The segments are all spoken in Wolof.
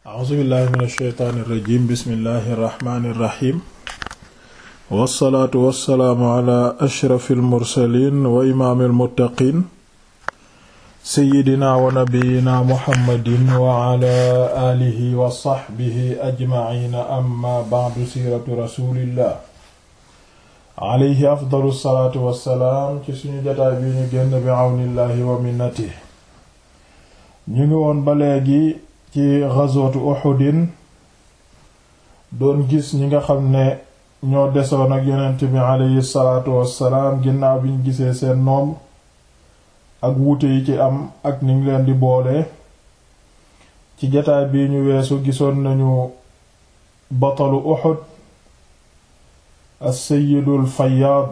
a'uzubillahi min ashaytaani irrajim bismillahi irrahmani irrahim wassalaatu wassalaamu ala ashrafi almursalin wa imaami almuttaqin seyidina wa nabiyina muhammadin wa ala alihi wa saxbihi ajmaciina amma bacdu siiratu rasulillah alayhi afdalu salaatu wassalaam ci suñu jotaay bi ñu génn bi awnillahi wa minnatihi ñu ngi woon ba léegi ci ghazwatu Uhudin doon gis ñi nga xam ne ñoo desoon ak yonent bi aleyhi salaatu wassalaam ginnaaw bi gisee seen noom ak wuute yi ci am ak ni leen di boole ci jataay bi ñu weesu gisoon nañu batalu Uhud as-sayyidul Fayyad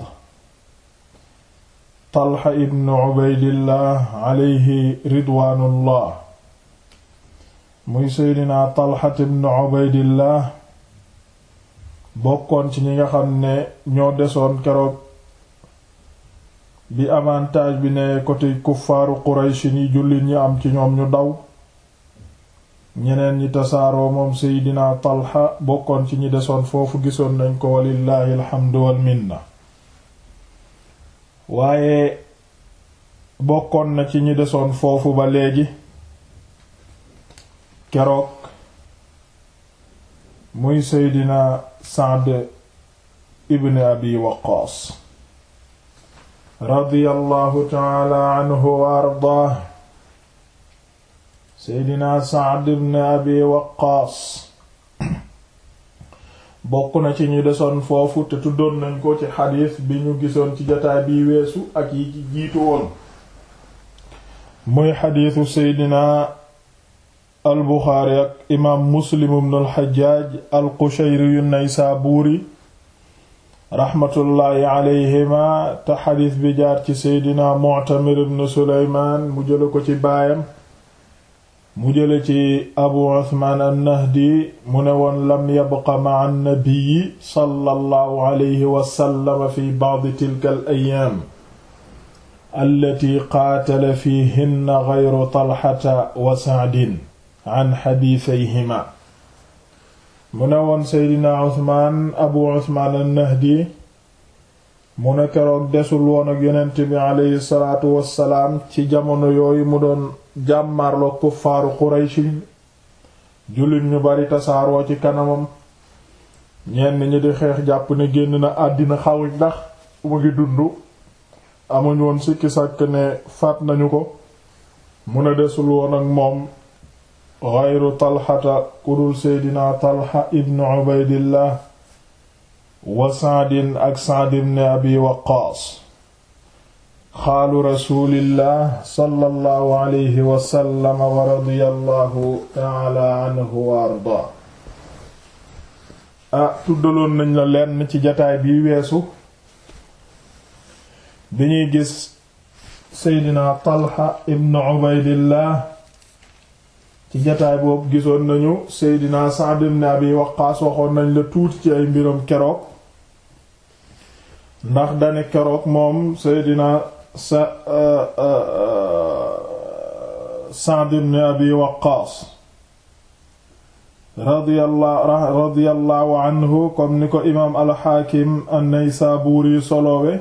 Talha ibn Ubaydillah aleyhi ridwaanullah muy seydina talxat ibnu bokkoon ci ñi nga xam ne ñoo desoon keroog bi avantage bi ne côté kuffaaru qurayshi ni jullit ñi am ci ñoom ñu daw ñeneen ñi tasaaroo moom seydina talxa bokkoon ci ñi desoon foofu gisoon nañ ko walillaahi alxamdu wal waaye bokkoon na ci ñi desoon foofu ba léegi kerook muy seydina Sa'd ibn abi waqaas radiyallahu taala anhu wa ardaah seydina Sa'd ibn abi waqaas bokk na ci ñu desoon foofu te tuddoon nañ ko ci xadiis bi ñu gisoon ci jataay bi weesu ak yi jiitu woon muy xadiisu seydina albuxaari ak imaam muslim ibn alxajjaaj alqushayri yu naysaabuuri raxmatullaahi aleyhima te xadiis bi jaar ci seydina muctamir ibn suleymaan mu jële ko ci baayam mu jële ci abu usmaan annahdi mu ne woon lam yabqa ma'a annabiyi sallallahu alayhi wasallam fi ba'di tilka al ayyaam allati qaatala fiihinna gayru talxata wa sa'din an xadiisayhima mu ne woon seydina usmaan abu usmaan an-nahdi mu ne keroog desul woon ak yonent bi aleyhi salaatu wassalaam ci jamono yooyu mu doon jàmmarloo kuffaaru qurayshi jullit ñu bari tasaaroo ci kanamam ñenn ñi di xeex jàpp ne génn na àddina xawuñ ndax mu ngi dund amuñ woon sikki sàkk ne faat nañu ko mu ne desul woon ak moom xayru talxata kudul seydina talxa ibnu ubaydillah wa saadin ak saad ibn abi waqaas xaalu rasulillah sallallahu alayhi wa sallam wa radiyallahu taala anhu wa ardaa ah tuddaloon nañ la lenn ci jataay bii weesu bi ñuy gis seydina talxa ibn ubaydillah ci jataay boobu gisoon nañu Seydina Sa'd ibn Abi waxoon nañ la tuuti ci ay mbiram keroog ndax dane keroog moom Seydina sa euh, euh, Sa'd ibn radiyallahu radiyallahu anhu comme ni ko imaam al-Hakim an solowe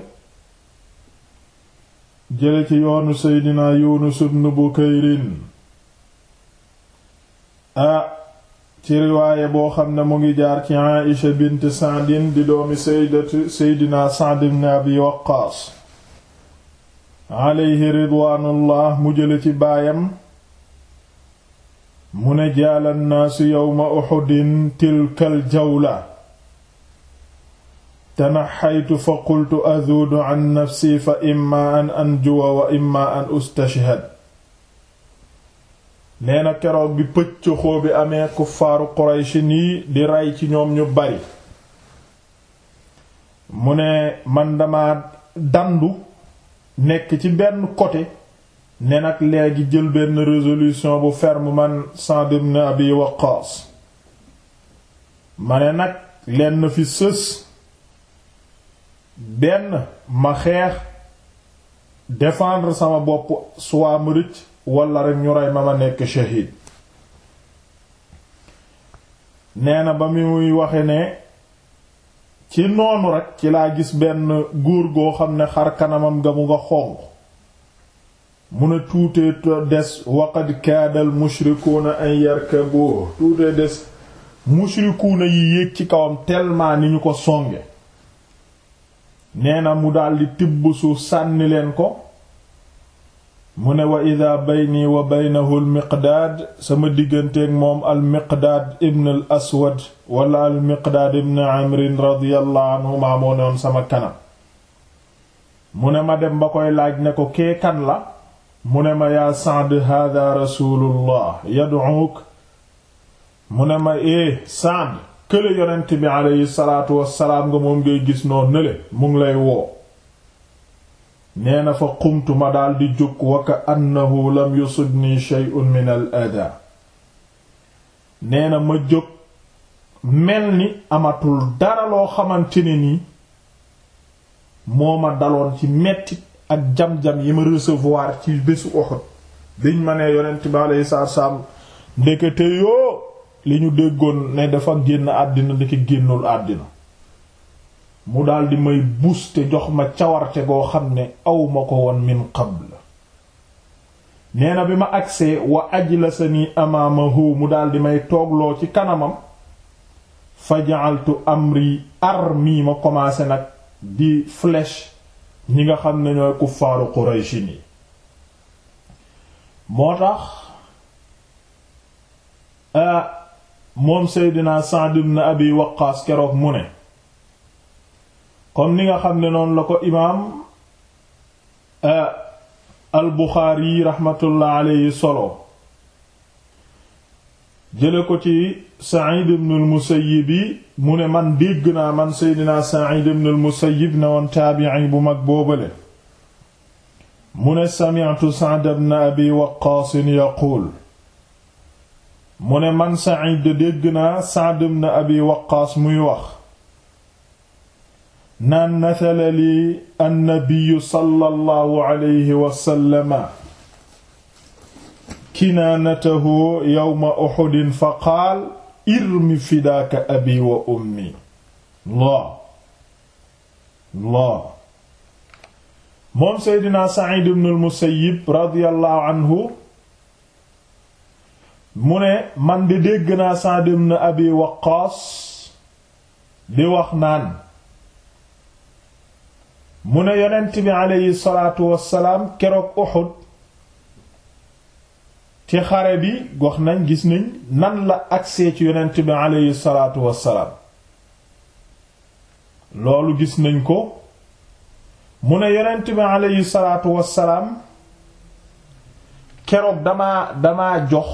jële ci yoonu Seydina Yunus ibn Bukayrin ah ci riwaaye boo xam ne mu ngi jaar ci Aïsha bint Sa'din di doomi sayyidatu Seydina Sa'd ibn Abi Waqqaas alayhi ridwaanullah mu jële ci baayam mu ne jaala nnaasu yawma Uhudin tilkal jawla tanaxaytu fa qultu azuudu an nafsi fa imma an anjuwa wa imma an ustashhad nee na keroog bi pëcc xoo bi amee kuffaaru Quraysh nii di rey ci ñoom ñu bari mu ne man dama dàndu nekk ci benn côté ne nag léegi jël benn résolution bu ferme man Sa'd ibn Abi Waqqas ma ne nag lenn fi sës benn ma xeex défendre sama bopp soit ma rëcc wala rek ñu rey ma ma nekk shahid nee na ba muy waxe ne ci noonu rek ci laa gis benn góor goo xam ne xar kanamam nga mu nga xonq mu ne tuutee des waqad kaadal mushrikuuna an yarkabu tuutee des mushrikuuna yi yéeg ci kawam tellement ni ñu ko songe nee na mu daldi tibb suuf sànni leen ko mu ne wa ida bayni wa baynahu almiqdaad sama digganteeg moom almiqdaad ibn al aswad wala almiqdaad ibn amrin radiyallahu anhuma moo newoon sama kanam mu ne ma dem ba koy laaj ne ko kee kan la mu ne ma yaa Sa'd hada rasulullah yad'uk mu ne ma ee eh, Sa'd kële yonent bi aleyhi salaatu wassalaam nga moom ngay gis noonu nele mu ngi lay woo nee na fa qumtu ma daldi jóg wa ka annahu lam yusibni shay'un min nee na ma jóg mel ni amatul dara loo xamante ni moo ma daloon ci metti ak jam-jam yi ma recevoir ci bésu Uhud biñ ma nee yonent bi alayhi ndekete yoo li ñu déggoon ne dafa génn àddina ndeke génnul àddina mu daldi may booster jox ma cawarte goo xam ne awuma ko woon min qabl nee na bi ma agsee wa ajlasani amaamahu mu daldi may toogloo ci kanamam fa ja'altu amri armi ma commencé nag di flesh ñi nga xam ne ñooy kuffaaru Qurayshi ni moo tax ah, moom Seydina Sa'd na Abi Waqqaas keroog mu ne comme ni nga xam ne noonu la ko imaam euh, al Buxaari raxmatullah alayhi solo jële ko ci Sa'id ibn al Musayyib mu ne man dégg naa man Seydina Sa'id ibn al ne woon taabi'i bu mag boobale mu ne sami'tu Sa'd ibn Abi Waqqaas yaquul mu ne man Sa'id dégg naa Sa'd ibn Abi Waqqaas muy wax naan nathala li annabiyu sallallahu alayhi wasallama kinaanatahu yawma uhudin fa qaal irmi fidaaka abi wa ummi Allah Allah moom seydina Sa'id ibn al-Musayyib radiyallahu anhu mu ne man di dégg naa Sa'd ibn Abi Waqqaas di wax naan mu ne yonent bi aleyhi salaatu wassalaam keroog Uhud ci xare bi gox nañ gis nañ nan la agsee ci yonent bi aleyhi salaatu wassalaam loolu gis nañ ko mu ne yonent bi aleyhi salaatu wassalaam keroog damaa damaa jox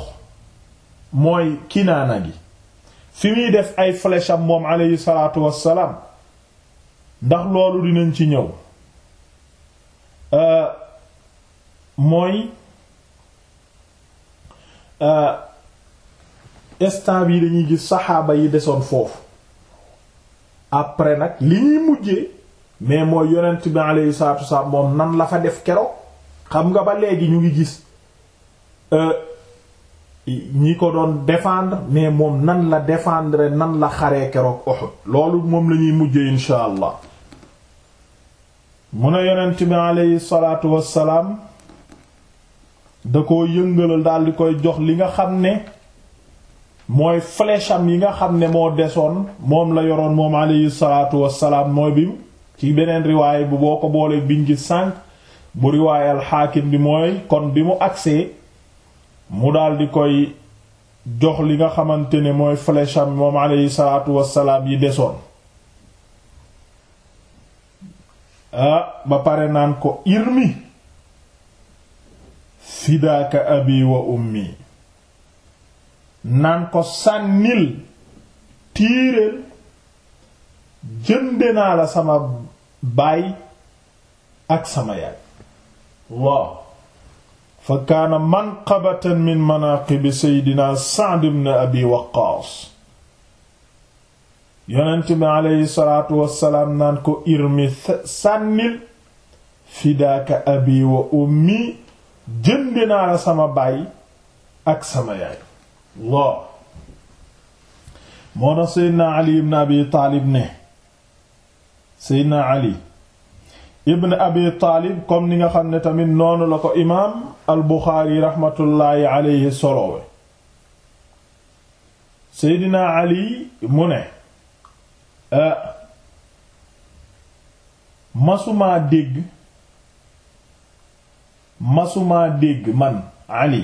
mooy kinaana gi fi muy def ay flèche am moom aleyhi salaatu wassalaam ndax loolu dinañ ci ñëw Euh, mooy euh, instant bii dañuy gis saxaaba yi desoon foofu après nag li ñuy mujjee mais mooy yonent bi alayhi salaatu wasalaam moom nan la fa def keroog xam nga ba léegi ñu ngi gis euh, ñi ko doon défendre mais moom nan la défendre nan la xaree keroog Uhud loolu moom la ñuy mujjee insha allah mu ne yonent bi aleyhi salaatu wassalaam da koo yëngalal daal koy jox li nga xam ne mooy flèche yi nga xam ne moo desoon moom la yoroon moom aleyhi salaatu wassalaam mooy bi ci beneen riwaay bu boo ko boolee biñ gi sànq bu riwaayal xaakim bi mooy kon bi mu agsee mu daldi koy jox li nga xamante ne mooy flèche am moom aleyhi salaatu wassalaam yi desoon ah ba pare naan ko irmi fidaaka abi wa ummi naan ko sànnil tiireel jënde naa sama baay ak sama yaay waaw fa kaana manqabatan min manaaqibi seydina Sa'd ibn abi waqaas yonent bi aleyhi salaatu wassalaam naan ko irmi sànnil fidaaka abi wa ummi jënd naa la sama baay ak sama yaay loo moo tax seydna ali ibn abi taalib ne seydna ali ibn abi taalib comme ni nga xam ne tamit noonu la ko imaam al buxaari raxmatullaahi solowe seydna ali mu ne Euh, masumaa dégg masumaa dégg man Ali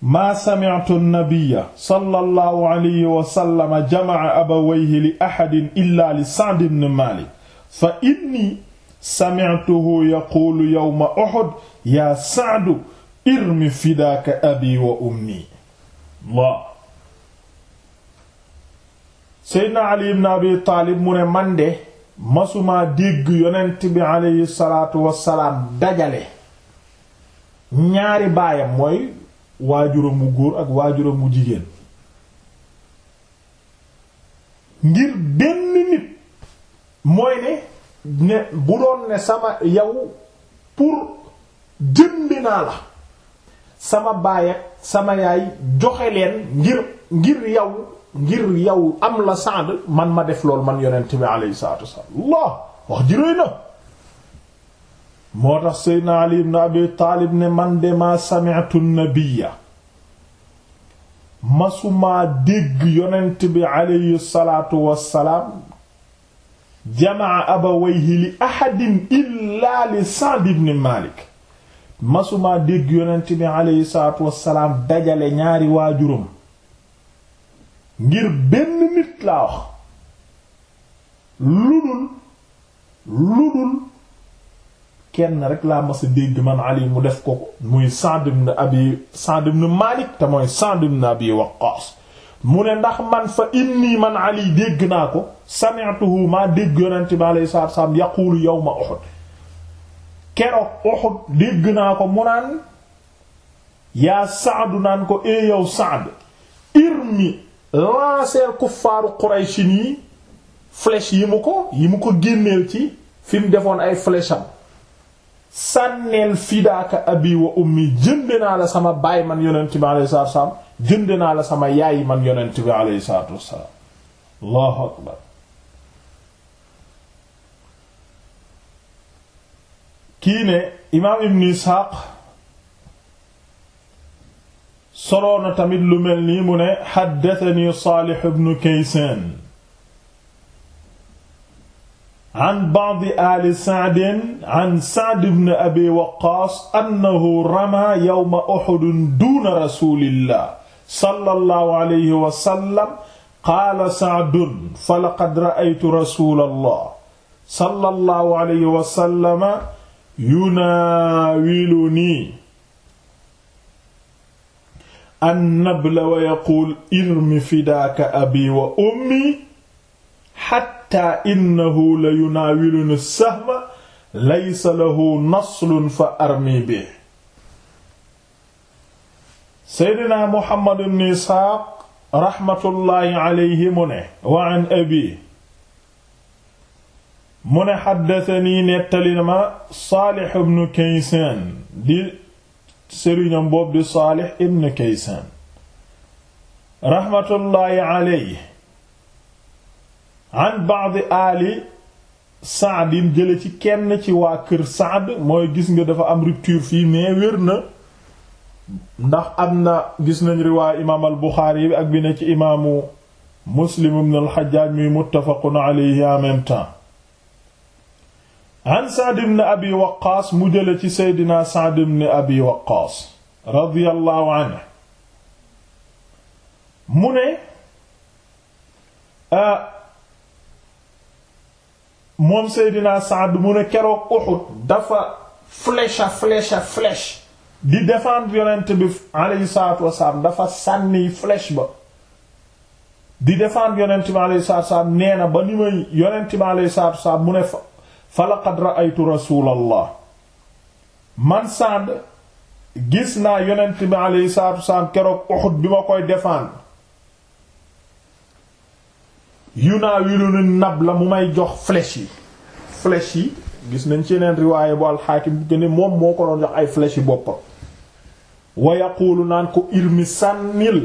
maa sami'tu an-nabiyya sallallahu alayhi wa sallam jama'a abawayhi li ahadin illa li Sa'd ibn Malik fa inni sami'tuhu yaqulu yawma Uhud ya Sa'du irmi fidaaka abi wa ummi Allah seydna ali ibn abi taalib mu ne man de masumaa dégg yonent bi aleyhi salaatu wassalaam dajale ñaari baayam mooy waajuram góor ak waajuram jigéen ngir benn nit mooy ne ne bu doon ne sama yow pour jëndi naa la sama baay sama yaay joxe leen ngir ngir yow ngir yow am la Saad man ma def lool man yonent bi alayhi salaatu wassalaam Allah wax jiréy na moo tax Seydina Ali ibn Abi Taalib ne man de maa sami'tu nabiyya masumaa dégg yonent bi alayhi salaatu wassalaam jamaa abawayhi li ahadin illaa li Sa'd ibn Maalik masumaa dégg yonent bi alayhi salaatu dajale ñaari waajuram ngir benn nit laa wax ludul ludul kenn rek laa mas a dégg man Ali mu def ko muy Sa'd ibn Abi Sa'd ibn Malik te mooy Sa'd ibn Abi Waqqas mu ne ndax man fa inni man Ali dégg naa ko sami'tuhu maa dégg yonente bi alayhi salaatu salaam yaqulu yawma Uhud keroog Uhud dégg naa ko mu naan yaa Sa'd naan ko e yow irmi lancer kuffaaru Quraysh yi flèche yi mu ko yi mu ko génneel ci fi mu defoon ay flèche am sànneel fidaaka abi wa ummi jënd naa la sama baay man yonent bi alayhi salaatu wasalaam jënd naa la sama yaay man yonent bi alayhi salaatu wasalaam allahu akbar kii ne imaam ibn Isxaaq soloona tamit lu mel nii mu ne xaddatani Saalih ibn Kaysaan an ba'di aali Sa'din an Sa'd ibn Abi Waqqaas annahu rama yawma Uhud duuna rasuulillah sallallahu alayhi wa sallam qaala Sa'dun falaqad ra'aytu rasuulallah sallallahu alayhi wa sallam yunaawilunii annabla wa yaquul irmi fidaaka abi wa ummi xatta innahu la yunaawiluni sahma laysa lahu naslun fa armi bi seydina muhammad ibn isxaaq raxmatullaahi aleyhi mu ne wa an abi mu ne xaddatani nettali ma saalix ibn kaysaan di sëriñam boobu di Saalix ibn Kaysaan raxmatullaahi alayhi an ba'd aali Saad jële ci kenn ci waa kër Saad mooy gis nga dafa am rupture fii mais wér na ndax am na gis nañ riwaay imaam al Buxaari bi ak bi ne ci imaamu Muslim ibn al Xajjaaj muy muttafaqun alayhi en temps an Sa'd ibn Abi Waqqaas mu jële ci Seydina Sa'd ibn Abi Waqqaas radiyallahu anhu mu ne moom Seydina Sa'd mu ne keroog Uhud dafa flèche flèche flèche di défendre yonent bi a salaatu wasalaam dafa sànni flèche ba di défendre yonent bi alayhi salaatu wasalaam nee na ba ni may yonent bi alayhi salaatu wasalaam mu ne fa fa laqad ra'aytu rasulallah man Sa'd gis naa yonent bi aleyhi salaatu wasalaam keroog Uhud bi ma koy défendre yunaawiluni nab la mu may jox flèche yi flèche yi gis nañ ci yeneen riwaaye bu alxaakim bu ne moom moo ko doon jox ay flèche yi boppam wa yaquulu naan ko irmi sànnil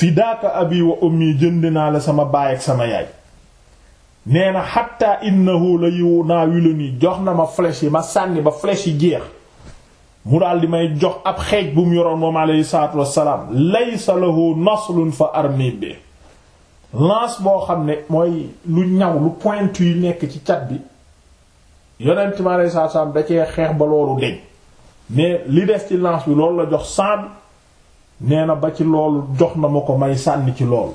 fidaaka abi wa ummi jënd naa la sama baay ak sama yaay nee na xatta innahu la yu naawilu ni jox na ma flèche yi ma sànni ba flèche yi jeex mu daal di may jox ab xeej bu mu yoroon moom aleyhi salaatu wassalaam laysa lahu fa armi bi lance boo xam ne mooy lu ñaw lu point yu nekk ci cat bi yonent mi aleyhi da cee xeex ba loolu deñ mais li des ci lance bi loolu la jox sànn nee na ba ci loolu jox na ma ko may sànni ci loolu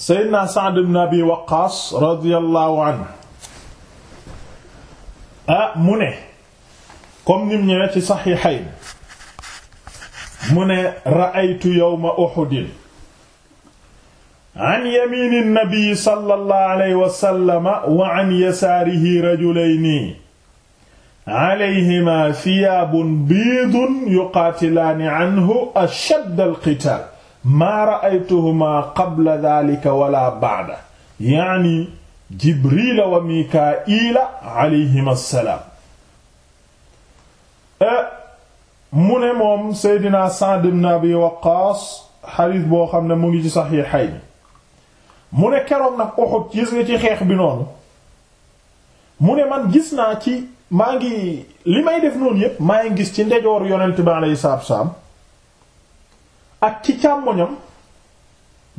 seydna Sa'd ibn Abi Waqqaas radiyallahu anhu ah mu ne comme nim ñëwee ci saxiixayn mu ne ra'aytu yawma Uhud an yamiini nabi sallallahu alayhi wa sallam wa an yasaarihi rajulayni alayhimaa siyaabun biidun yuqaatilaani anhu ashaddal qitaal maa ra'aytuhuma qabla dhalika wala ba'da yaani jibrila wa mikaila alayhima assalaam eh, mu ne moom seydina Sa'd ibn Abi Waqqaas xadiis boo xam ne mu ngi ci saxiixay mu ne keroog nag ci xeex bi noonu mu ne man gis naa ci maa ngi li may def noonu yépp maa ngi gis ci ndejoor yonent bi alayhi salaam ak ci càmmoñam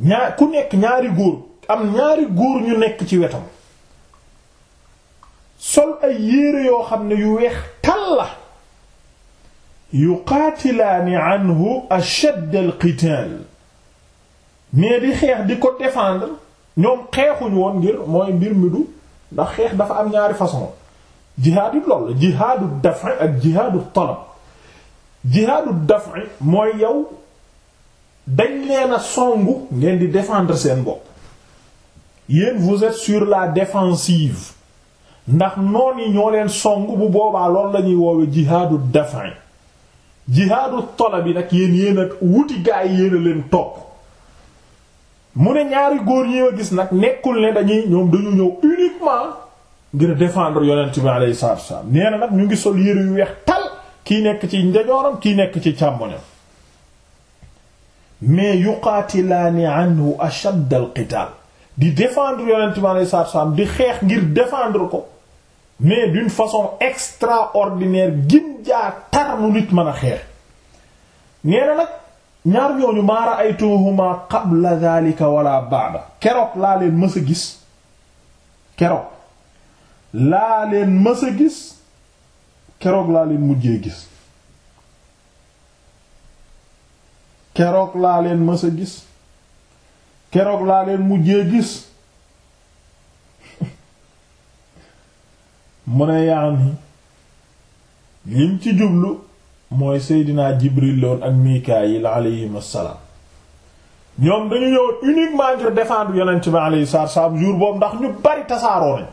ñaar ku nekk ñaari góor am ñaari góor ñu nekk ci wetam sol ay yére yoo xam ne yu weex tal la yuqaatilaani anhu ashadd alqitaal mais di xeex di ko défendre ñoom xeexuñ woon ngir mooy mbir mi ndax xeex dafa am ñaari façon jihaadu lool jihaadu daf'i ak jihaadu talab jihaadu daf'i mooy yaw dañ leen a songu ngeen di défendre seen bopp yéen vous êtes sur la défensive ndax noon yi ñoo leen song bu boobaa loolu la ñuy woowe jihaadu dafin jihaadu tola bi nag yéen yéen a wuti gaa yi yéen a leen topp mu ne ñaari góor ñi a gis nag nekkul ne dañuy dañu ñëw uniquement ngir défendre yonent bi alayhi salaatu wa salaam nee nag ñu ngi sol yére yu weex tal kii nekk ci ndejooram kii nekk ci càmmoñam mais yuqaatilaani anhu ashadd al qitaal di défendre yonent bi alayhi salaatu salaam di xeex ngir défendre ko mais d'une façon extraordinaire gin jaa tar nu nit mën a xeex nee na nag ñaar ñooñu maa ra'aytuhuma qabla wala ba'da keroog laa leen mës a gis keroog laa gis keroog laa leen mujjee gis keroog laa leen mës a gis keroog laa leen mujjee gis mu ne yaani lim ci jublu mooy seydinaa Jibril loon ak Mikaayil alayhim assalaam ñoom dañu ñëw uniquement ngir défendre yonent bi alayhi salaam jour boobu ndax ñu bari tasaaroo nañ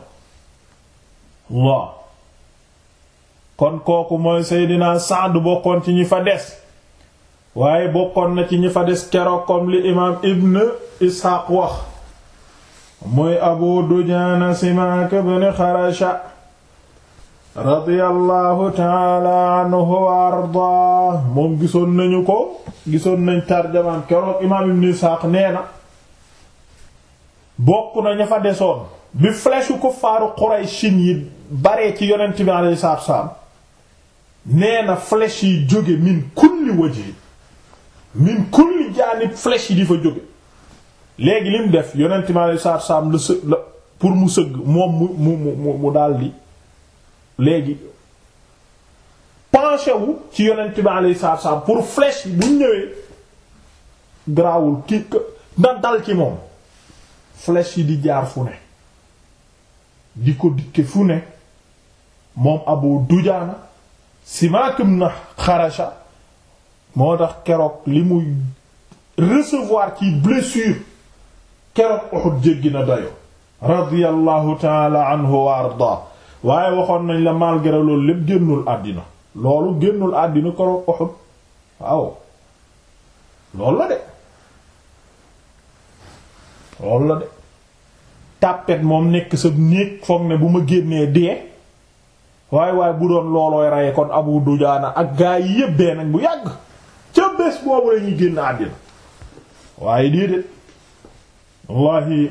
waaw kon kooku mooy Seydina Saad bokkoon ci ñi fa des waaye bokkoon na ci ñi fa des keroog comme li imaam ibn isxaaq wax muy abu dujaana simaak ibn xarasha radiyallahu taala anhu wa ardaa moom gisoon nañu ko gisoon nañ tarjamaan keroog imaam ibn isxaaq nee na bokk na ña fa desoon bi flèche kuffaaru quraysin yi baree ci yonent bi alayhi salaatu nee na flèche yi jóge min kulli wajhi min kulli jaanib flèche yi di fa jóge léegi lim def yonent ma lay saar saam la së la pour mu sëgg moom mu mu mu mu daldi léegi penché wu ci yonent ma lay saar saam pour flèche yi bu ñëwee garaawul kii na dal ci moom flèche yi di jaar fu ne di ko dikke fu ne moom Abu Dujaana Simaak ibn Xarasha moo tax keroog li muy recevoir ci blessure keroog Uhud jéggi na dayo radiyallahu taala anhu wa arda waaye waxoon nañ la malgré loolu lépp génnul àddina loolu génnul àddina keroog Uhud waaw loolu la de loolu la de tàppet moom nekk sa néeg foog ne bu ma génnee dee waaye waaye bu doon loolooy reye kon Abu Dujaana ak gaa yi yépp dee nañ bu yàgg bés boobu la ñuy génn àddina waaye déedéet wallahi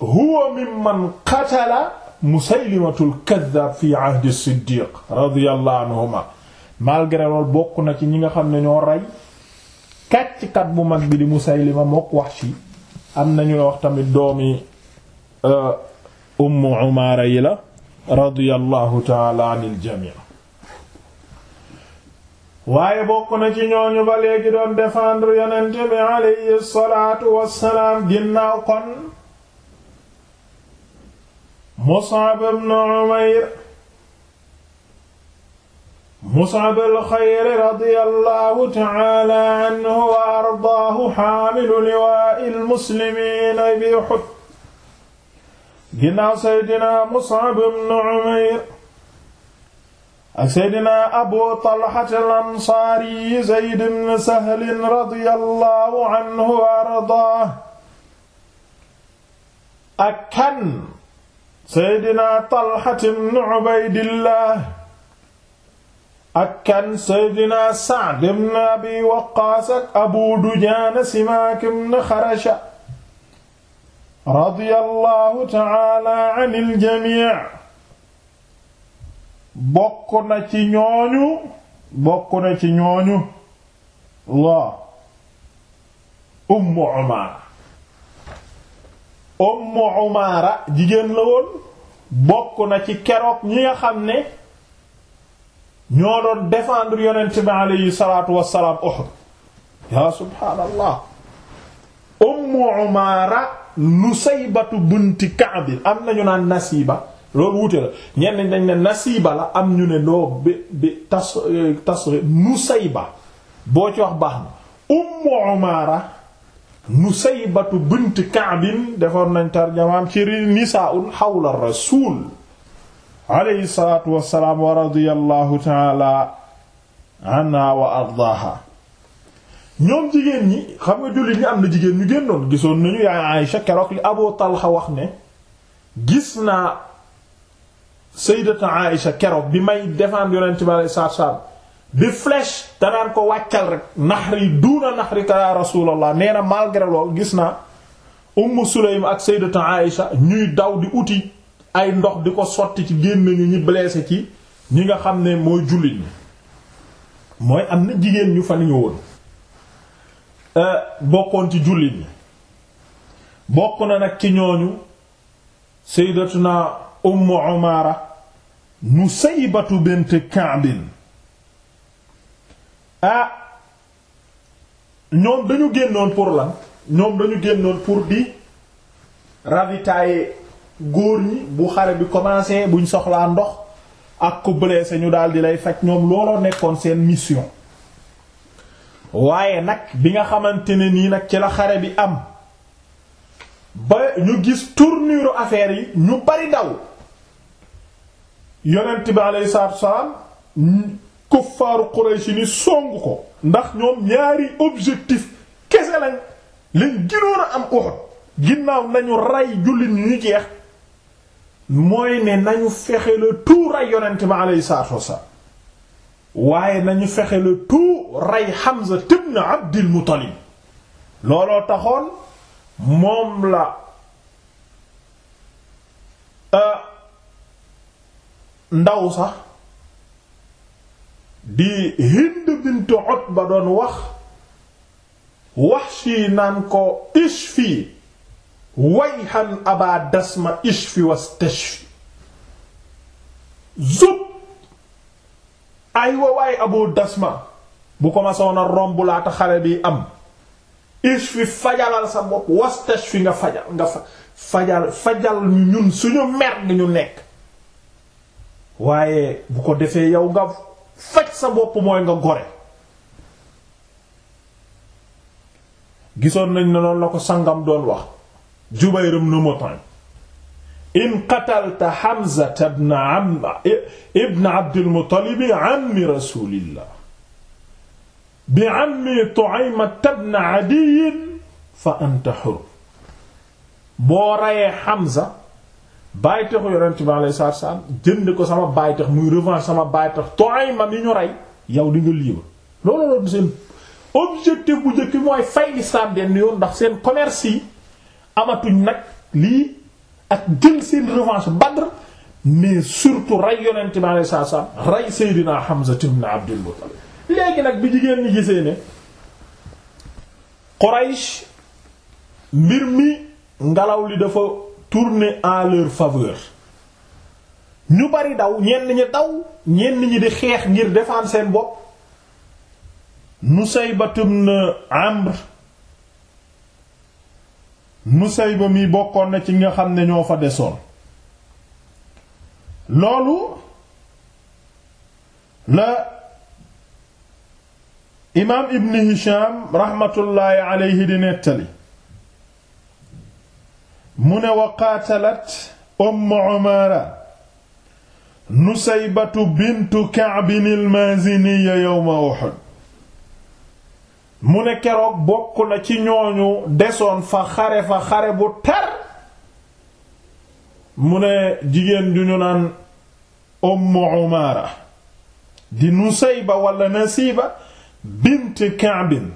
huwa mimman qatala musaylimatul kaddaab fi ahdi siddiq radiyallahu anhuma malgré lool bokk na ci ñi nga xam ne ñoo rey kàcckat bu mag bi di musaylima mook wahshi am nañu la wax tamit doomi euh, ummu umaara yi la radiyallahu taala anil jamii waaye bokk na ci ñooñu ba léegi doon défendre yonent bi alayhi salaatu wassalaam ginnaaw kon Mus'ab ibn Umayr Mus'ab al-Xayr radiyallahu ta'ala anhu wa ardaahu xaamilu liwaa'i al-muslimiina bi Uhud ginnaaw Seydina Mus'ab ibn Umayr ak seydina abu talhat al ansaari zeyd ibn sahl radiyallahu anhu wa ardaah ak kan seydina talhat ibn ubaydillah ak kan seydina sa'd ibn abi waqqaas ak abu dujaana simaak ibn xarasha radiyallahu ta'ala anil jamii bokk na ci ñooñu bokk na ci ñooñu la ummu umaara ummu umaara jigéen la woon bokk na ci keroog ñi nga xam ne ñoo doon défendre yonent bi aleyhi salaatu wassalaam Uhud yaa subhaanallah ummu umaara nusaybatu binti Ka'b am nañu naan nasiiba loolu wuute la ñenn dañ ne nasiiba la am ñu ne loo bi bi tas euh, tas nusayba boo ci wax baax na ummu umaara nusaybatu bint kaabin defoon nañ tarjamaam ci nisaaul xawla rasuul alayhi salaatu wassalaam wa radiyallahu taala wa ardaaha ñoom jigéen ñi xam nga jullit ñi am na jigéen ñu génnoon gisoon nañu yaay Aysa Abu Talha wax ne gis naa sayyidatu Aïsha keroog bi may défendre yonent bi alayhi salaatu bi flèche danaan ko wàccal rek naxari duuna naxari ka yaa rasulallah nee na malgré lool gis naa Umm Sulaym ak sayyidatu Aïsha ñuy daw di uti ay ndox di ko sotti ci génn ñu ñi blessé ci ñi nga xam ne mooy jullit ñi mooy am na jigéen ñu fa ni woon euh, bokkoon ci jullit ñi bokk na nag ci ñooñu sayyidatuna ummu umaara nusaybatu bent kaabin ah ñoom dañu génnoon pour la ñoom dañu génnoon pour di ravitailler góor ñi bu xare bi commencé buñ soxlaa ndox ak ku blessé ñu daal di lay faj ñoom looloo nekkoon seen mission waaye nag bi nga xamante ni nii nag ci la xare bi am ba ñu gis tournure affaire yi ñu bari daw yonent bi aleyhi salaatu wasalaam kuffaaru Quraysh ni song ko ndax ñoom ñaari objectif kese lañ lañ gënoon a am Uhud ginnaaw nañu rey jullit ñu jeex mooy ne nañu fexe le tout rey yonent bi aleyhi waaye nañu fexe le tout rey Hamza ibn Abdul Muttalib looloo taxoon moom la. Euh, ndaw sax di Hind bint Utba doon wax Wahshi naan ko ishfi wayhan aba dasma ishfi wastashfi zub ay wa waay abu dasma bu ko ma soona romb laata xale bi am ishfi fajalal sa bopp wastashfi nga fajal nga fajal fajal ñun suñu mer gi ñu nekk waaye bu ko defee yow nga faj sa bopp mooy nga gore gisoon nañ ne noonu la ko sangam doon wax Jubayr ibn Mut'im in qatalta Hamza ibn am ibn Abdul Muttalib ammi Rasulillah bi ammi Tu'ayma ibn Adiy fa anta hur boo rayee Hamza baay taxu yonent bi alayhi salaatu salaam jënd ko sama baay tax muy revanche sama baay tax tooy ma mi ñu rey yow di nga libre loolu loolu seen objectif bu njëkk mooy fay l'islam denn yoon ndax seen commerce yi amatuñ nag lii ak jël seen revanche Badr mais surtout rey yonent bi alayhi salaatu salaam rey Seydina Hamza ibn Abdul Muttalib léegi nag bi jigéen ñi gisee ne Quraysh mbir mi ngelaw li dafa. tourner en leur faveur ñu bari daw ñenn ñi daw ñenn ñi di xeex ngir défendre seen bopp Nusayba ibn Amr Nusayba mi bokkoon na ci nga xam ne ñoo fa desoon loolu la imaam Ibn Hisham rahmatullahi alayhi di nettali mu ne wa qaatalat umm umaara nusaybatu bintu kaabin almaaziniya yawma uhud mu ne keroog bokk ci ñooñu desoon fa xare fa xare bu tar mu jigéen ju ñu naan umm umaara di nusayba walla nasiiba bint kaabin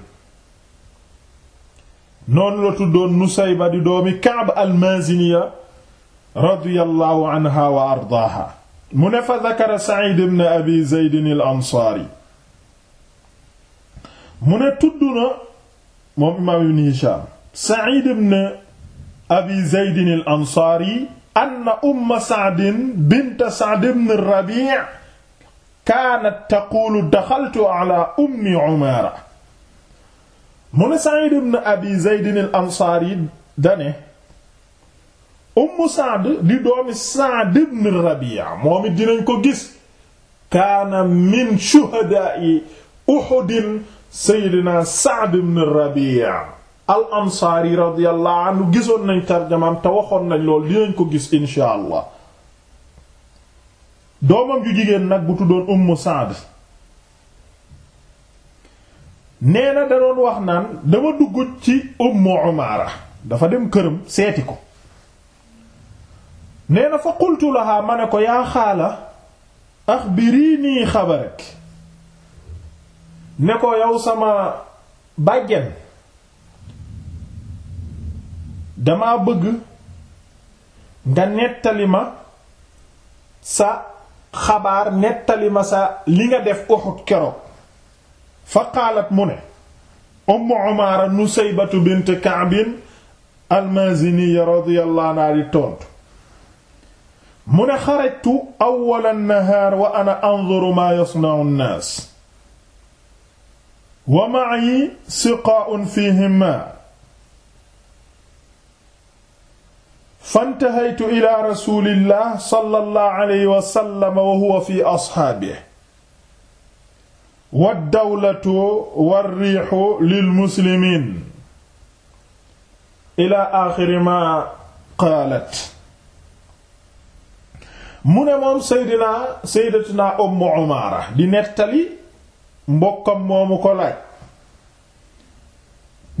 noonu la tuddoon Nusayba di doomi Kaab al-Maaziniya radiyallahu anha wa ardaaha mu ne fa dakara Sa'iid ibn Abi Zayd al-Ansaari mu ne tudd na moom imaam ibn Hishaam Sa'iid ibn Abi Zayd al-Ansaari anna umma Sa'd bint Sa'd ibn Rabi' kaanat taquulu daxaltu ala ummi Umaara mu ne Sa'id ibn Abi Zayd al-Ansaari dane Umm Sa'd di doomi Sa'd ibn Rabi'a moom it dinañ ko gis kaana min shuhadaa'i Uhud Seydina Sa'd ibn Rabi'a al-Ansaari radiyallahu gisoon nañ tarjamaam te waxoon nañ lool dinañ ko gis inshaa Allah doomam ju jigéen nag bu tuddoon Umm Sa'd nee na da wax naan dama dugg ci ummu umaara dafa dem këram seeti ko nee na fa qultu lahaa ma ne ko yaa xaala axbiriinii xabarak ne ko yow sama bàjjen dama bëgg nga nettali ma sa xabaar nettali ma sa li nga def Uhud keroog fa qaalat mu ne umm umaara nusaybatu bint kaabin almaaziniya radiyallahu anha di tontu mu ne xarajtu awwal an-nahaar wa ana anzuru maa yasna'u an-naas wa ma'i siqaa'un fiihi maa fantahaytu ilaa rasuulillah sallallahu alayhi wa sallam wa huwa fi ashaabihi waddawlatu warriixu lil muslimiin ila aaxiri maa qaalat mu ne moom seydinaa seydatinaa ummu umaara di nettali mbokkam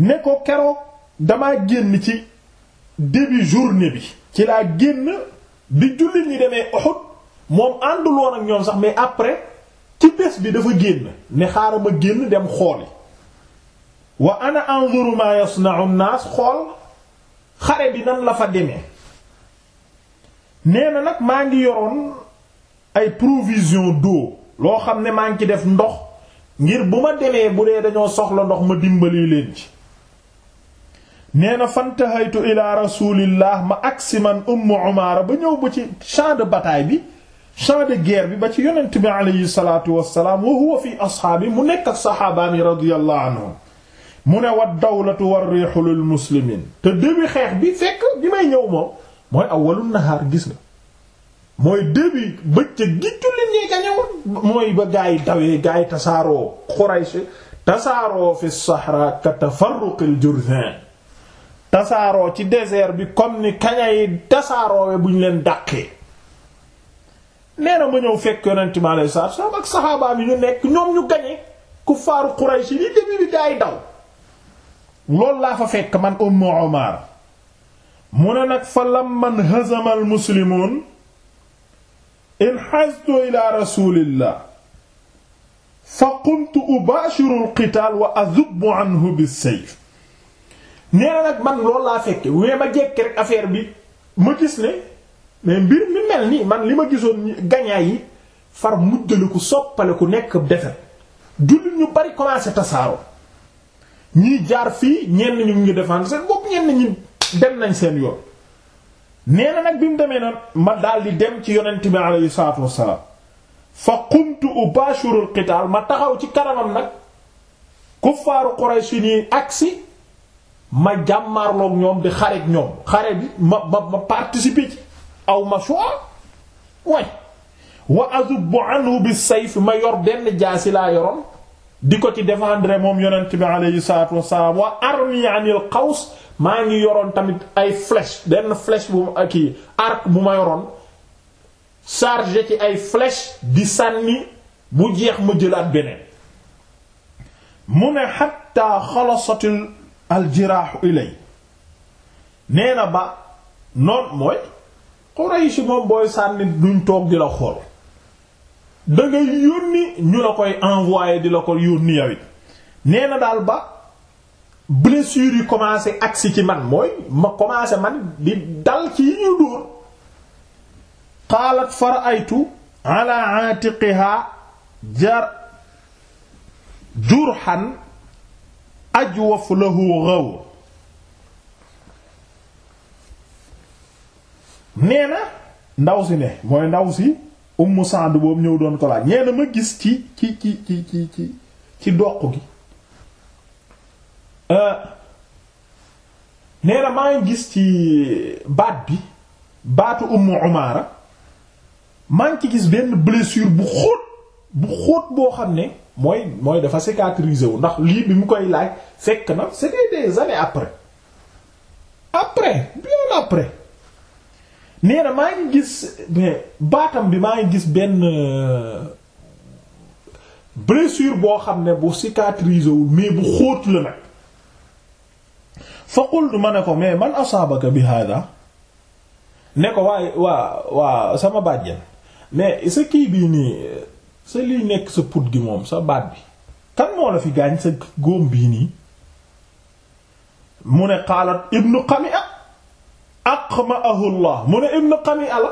ne ko keroog damaa génn ci début journée bi ci génn bi jullit ñi demee Uhud moom àndul woon ñoom sax mais après ci bés bi dafa génn ne xaaral génn dem xooli wa ana anzuru ma yasna'u an xool xare bi nan la fa demee nee na nag maa ngi yoroon ay provision d'eau loo xam ne maa ngi ci def ndox ngir bu ma demee bu dee dañoo soxla ndox ma dimbali leen ci nee na fantahaytu ila rasulillah ma agsi man ummu umaara ba ñëw ba ci champ bataay bi champ geer bi ba ci yonent bi aleyhi salaatu wassalaam wa huwa fi asxaabi mu nekk ak saxaabaami radiyallahu anhum mu ne wa dawlatu war riixu lil muslimiin te début xeex bi fekk bi may ñëw moom mooy awwalun nahaar gis nga mooy début bëccëg gi jullit ñi gañe woon mooy ba gaa tasaaroo Quraysh tasaaroo fi sahra ka tafarruqil jurdaan tasaaroo ci désert bi comme ni kaña yi tasaaroo we bu ñu leen dàqee nee na ma ñëw fekk yonent mi alayhi salaatu salaam ñu nekk ñoom ñu gañe ku faaru Quraysh li bi gaa yi daw loolu laa fa fekk man Ummu Umar mu ne nag fa lamman hazama al muslimuun inhaztu ila rasulillah fa qumtu ubaashiru al wa azubbu anhu bis bi ma gis ne mais mbir mi mel ni man li ma gisoon gañaay yi far mujjaliku soppaleku nekk defet jullit ñu bari commencé tasaaroo ñii jaar fii ñenn ñu ngi defaan seen bopp ñenn ñi dem nañ seen yoon nee nag bi mu demee noonu ma daal di dem ci yonent bi alayhi salaatu wassalaam fa qumtu ma taxaw ci kanamam nag kuffaaru Quraysh nii agsi ma jàmmarloog ñoom di xareeg ñoom xare bi ma ma ma participer ci aw mashwa way wa azub anhu bi sayf ma yor benn jaasi laa yoroon di ko ci défendre moom yonent bi alayhi salatu wasalaam wa armi anil qaws maa ngi yoroon tamit ay flèche benn flèche bu ma yoroon chargé ci ay flèche di sànni bu jeex ma jëlaat beneen mu ne xatta xalasatil aljiraahu ilay nee ba noon mooy Quraysh moom booy sànni duñ toog di la xool da yónni ñu la koy envoyer di la ko yónni yawit nee na daal ba blessure yi commencé agsi ci man mooy ma commencé man di dal ci yi ñu dóor qaalat fara'aytu ala aatiqiha jar jurhan ajwaf lahu ghawr nee na ndaw si ne mooy ndaw si ummu Sa'd boobu ñëw doon ko laaj nee na ma gis ci ci ci ci ci ci ci doq gi euh, nee maa ngi gis ci baat bi baatu ummu Umaara maa ngi ci gis benn blessure bu xóot bu xóot boo xam ne mooy mooy dafa cicatrisé wu ndax lii bi mu koy laaj fekk na c'était des années après après bien après nee maa ngi gis baatam bi maa ngi gis benn euh, blessure boo xam ne bu cicatrisé wul mais bu xóot la nag fa qultu ma ne ko mais man asaabaka bi hada ne ko waaye waa waa sama bàjjen mais sa kii bii nii sa liy nekk sa put gi moom sa baat bi kan moo la fi gaañ sa góom bii nii mu ne xaalat ibnu xami ah aqma'ahu Allah mu ne ibn Qami'a la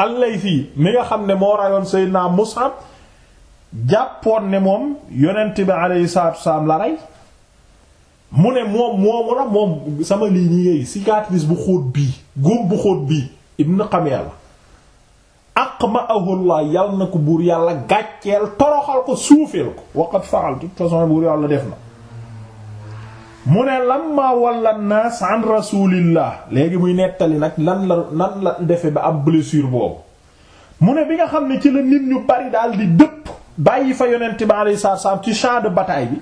al-Laythi mi nga xam ne moo rayoon Seydina Mus'ab jàppoon ne moom yonent bi alayhi salaatu wasalaam la rey mu ne moom moomu la moom sama lii ñi ngay cicatrice bu xóot bii góom bu xóot bii ibn Qami'a la aqma'ahu Allah yal na ko buur yàlla gàcceel toroxal ko suufeel ko waqad fa'altu façon buur yàlla def na mu ne lamma walla naas an rasulillah léegi muy nettali nag lan la lan la defe ba am blessure boobu mu ne bi nga xam ne ci la nit ñu bari daal di dëpp bàyyi fa yonent bi alayhi salaam ci champ de bi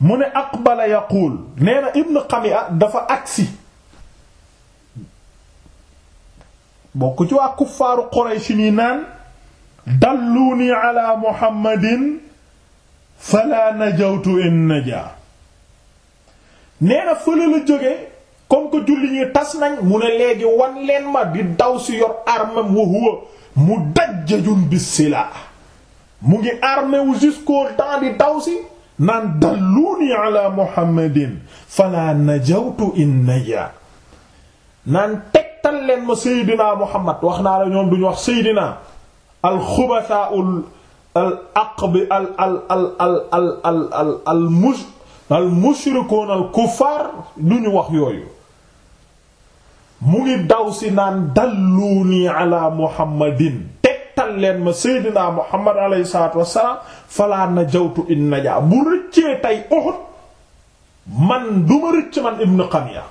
mu ne aqbala yaquul nee na ibn Qami'a dafa agsi bokk ci waa kuffaaru Quraysh nii naan dalluu nii ala muhammadin fala najawtu in naja nee na fële la jóge comme que julli ñi tas nañ mu ne léegi wan ma di daw si yor armam wa mu dajjajun bi sila mu ngi armé wu jusqu'au temps di daw si naan dalluuni ala muhammadin fala najawtu in naja naan tegtal leen ma seydinaa muhammad wax naa la ñoom duñu wax seydinaa alxubasaul al aqbi al al al al al al al al mush al kufaar du ñu wax yooyu mu ngi daw si naan dalluuni ala muhammadin tegtal leen ma seydinaa muhammad alayhi salaatu wassalaam falaa najawtu in najaa bu rëccee tey Uhud man duma rëcc man ibn Qamiya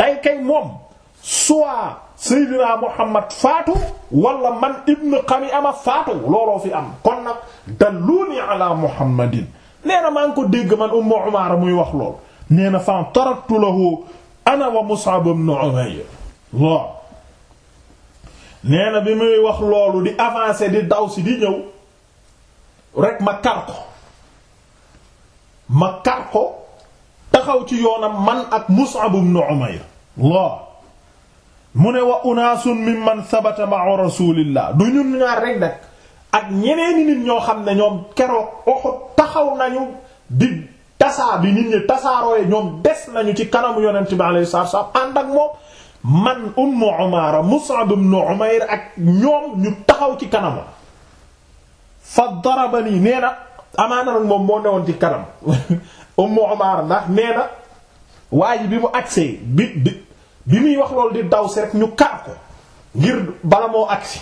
tey kay moom soit Seydina Muhammad faatu wala man ibn Qami'ama faatu looloo fi am kon nag dalluuni ala Muhammadin nee na maa ngi ko dégg man Ummu Umaara muy wax lool nee na fan taraktu lahu ana wa Mus'ab ibn Umayr waaw nee bi muy wax loolu di avancer di daw si di ñëw rek ma kar ko ma kar ko taxaw ci yoonam man ak Mus'ab ibn Umayr mu ne wa unaasun mimman sabata ma'a rasulillah du ñun ñaar rek nag ak ñeneeni nit ñoo xam ne ñoom keroog taxaw nañu di tasaa bi nit ñi tasaarooye ñoom des nañu ci kanamu yonent bi alayhi salaatu wa salaam ak moom man Ummu Umaara Mus'ab ibn Umayr ñu taxaw ci kanam Ummu Umaara ndax nee na waaye bi mu agsee bi bi muy wax loolu di daw si ñu kar ko ngir bala moo agsi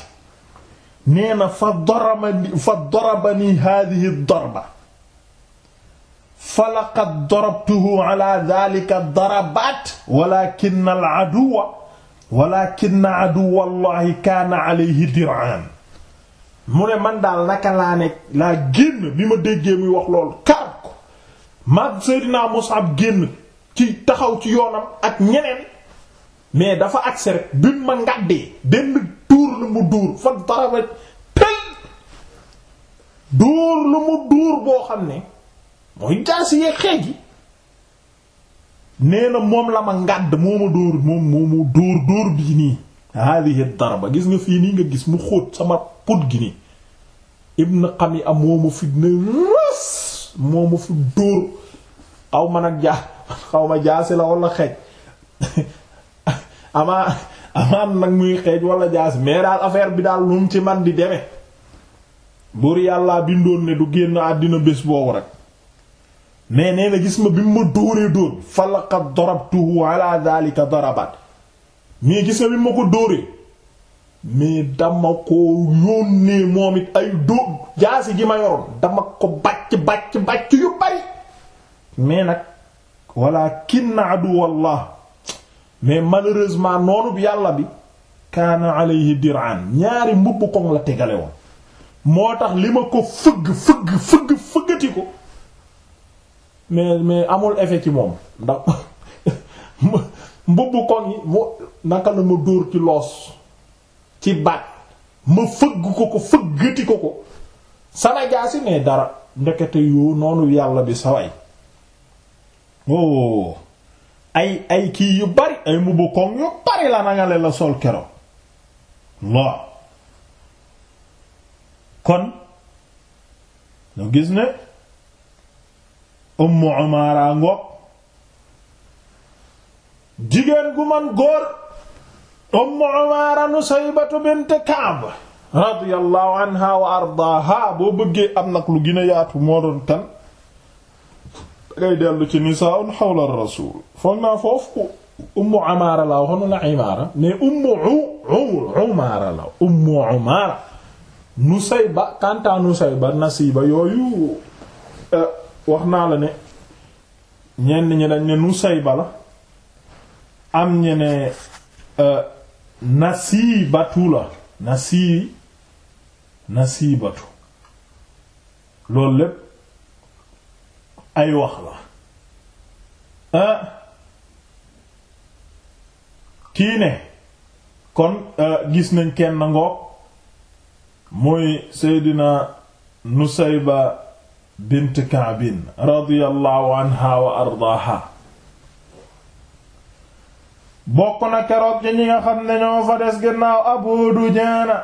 nee na fa darabani fa darabani hadhihi darba fa laqad darabtuhu ala dhalika darabat al aduwa walakin aduwa allahi kaana mu ne man daal naka laa nekk laa génn bi ma déggee muy wax loolu kar ko ma Seydina Mus'ab génn ci taxaw ci yoonam ak ñeneen mais dafa agsi rek bi ma ngaddee benn duur lu mu duur fa darabat pël duur lu mu duur boo xam ne mooy jaasi yeeg xeej yi nee na moom la ma ngadd moo ma dóor moo mu dóor dóor bii nii hadihi darba gis nga fii nii nga gis mu xóot sama put gi nii ibn xam yi am moo ma fi ne rës moo ma fi dóor xaw ma nag jaa xaw ma jaasi la wala xeej amaa amaan nag muy xeej wala jaas mais daal affaire bi daal lu mu ci man di demee buur yàllaa bindoon ne du génn àddina bés boobu rek mais nee na gis ma bi mu ma dóoree mais ko dóoree mais dama ko yónnee moom it ay dóor jaasi ji ma yoroon dama ko bàcc bàcc bàcc yu bari mais nag walakinna aduwallah mais malheureusement noonu bu yàlla bi kaana yi dir'an ñaari mbubb koŋ la tegale woon moo tax li ma ko fëgg fëgg fëgg fëggati ko mais mais amul effet ci moom ndax mbubb koŋ yi mu naka la ma dóor ci loos ci baat ma fëgg ko ko fëggati ko ko sana jaasi ne dara ndekete yoo noonu yàlla bi saway oh. ay ay kii yu bari ay mbubu koŋ yu bari la nangale la sol keroog waaw kon ñu gis ne Ummu Umaara ngoog jigéen gu man góor Ummu Umaara Nusaybatu bint Ka'b radiyallahu anha wa ardaaha boo bëggee am nag lu gën yaatu moo doon kan dangay dellu ci nisaa'un xawla rasul foog naa foofu ummu amaara la waxoon la imaara mais ummu umaara la ummu umaara nusayba kanta nusayba nasiba yooyu euh, wax naa la ne ñenn ñi dañ ne nusayba la am ñe ne euh, la nasi loolu lépp ay wax la ah. kii ne kon ah, gis nañ kenn ngoog mooy Seydina Nusayba bint Kaabin radiyallahu anha wa ardaaha bokk na keroog ñi nga xam ne ñoo fa des ginnaaw Abu Dujaana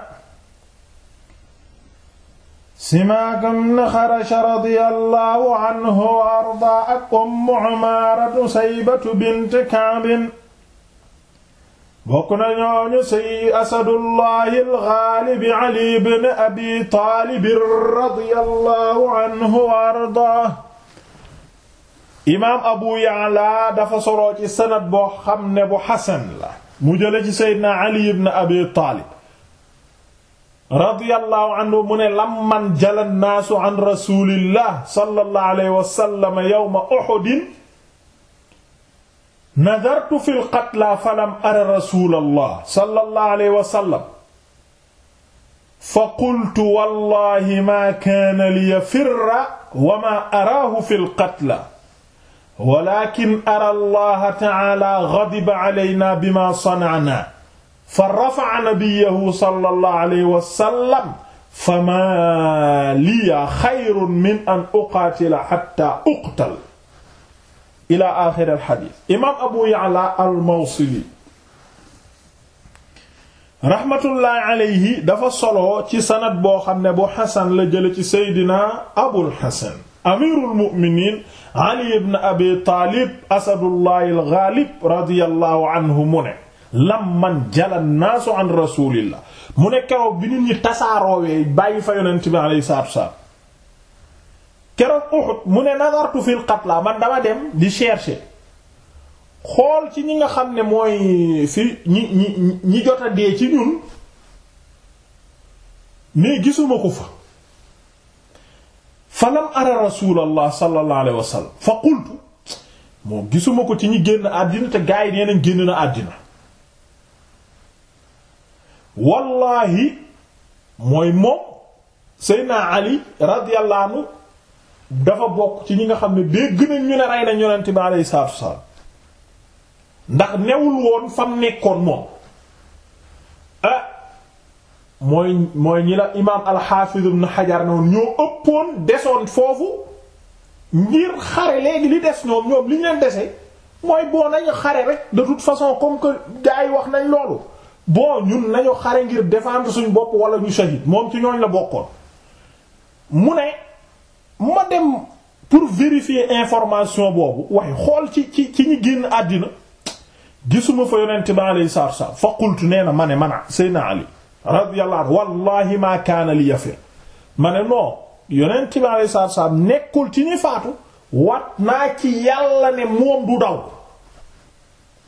Simaak ibn Xarasha radiyallahu anhu wa ardaa ak Ummu Umaaratu Saybatu bint Kaabin bokk na ñooñu say Asadullahi al-Gaalib Ali ibn Abi Taalib radiyallahu anhu wa ardaa imaam Abu Ya'la dafa solo ci sanad boo xam ne bu Hasan la mu jële ci Seydina Ali ibn Abi Taalib radiyallahu anhu mu ne lamman jala naasu an rasulillah sallallahu alayhi wa sallam yawma uhudin nadartu fil qatla falam ara rasulallah sallallahu alayhi wa sallam fa qultu wallahi ma kaana liyafirra wa ma araahu fil qatla walakin ara allaha ta'ala ghadiba alaynaa bimaa sana'naa fa rafa'a nabiyahu sallallahu alayhi wa sallam fama liya xayrun min an uqaatila hatta uqtal ila axir alxadis imaam abu ya'la almawsili rahmatullahi alayhi dafa solo ci sanad boo xam ne bu xasan la jële ci seydina abul xasan amirul mu'minin ali ibn abi taalib asadullahi alghalib radiyallahu anhu mu ne lamman jala naasu an rasulillah mu ne keroog bi nit ñi tasaaroowee bàyyi fa yonent bi alayhi salaatu wasalaam keroog Uhud mu ne nazartu fil qatla man dama dem di chercher xool ci ñi nga xam ne mooy fi ñi ñi ñi jot a dee ci ñun mais gisuma ko fa fa lam ara rasulallah sallallahu alayhi wa fa qultu moo gisuma ko ci ñi génn àddina te gaa yi nee génn na àddina wallaahi mooy moom Seydina Ali radiyallahu anhu dafa bokk ci ñi nga xam ne dégg nañ ñu ne rey nañ yonent bi alayhi salaatu wasalaam ndax newul woon fam nekkoon moom ah mooy mooy ñi la imaam al-Hafiz ibn Hajar ñoo ëppoon desoon foofu ngir xare léegi li des ñoom ñoom li ñu leen dese mooy boo nañu xare rek de façon comme que gaa yi wax nañ loolu bon ñun nañu xare ngir défendre suñu bopp wala ñu shahid moom ci ñooñ la bokkoon mu ne ma dem pour vérifier information boobu waaye xool ci ci ci ñi génn àddina gisuma fa yonent ba alayhi ma ne man Seydina Ali radiyallahu anhu wallahi ma kaana li yafe ma ne non yonent bi alayhi nekkul ci ñi faatu wat naa ci yàlla ne moom du daw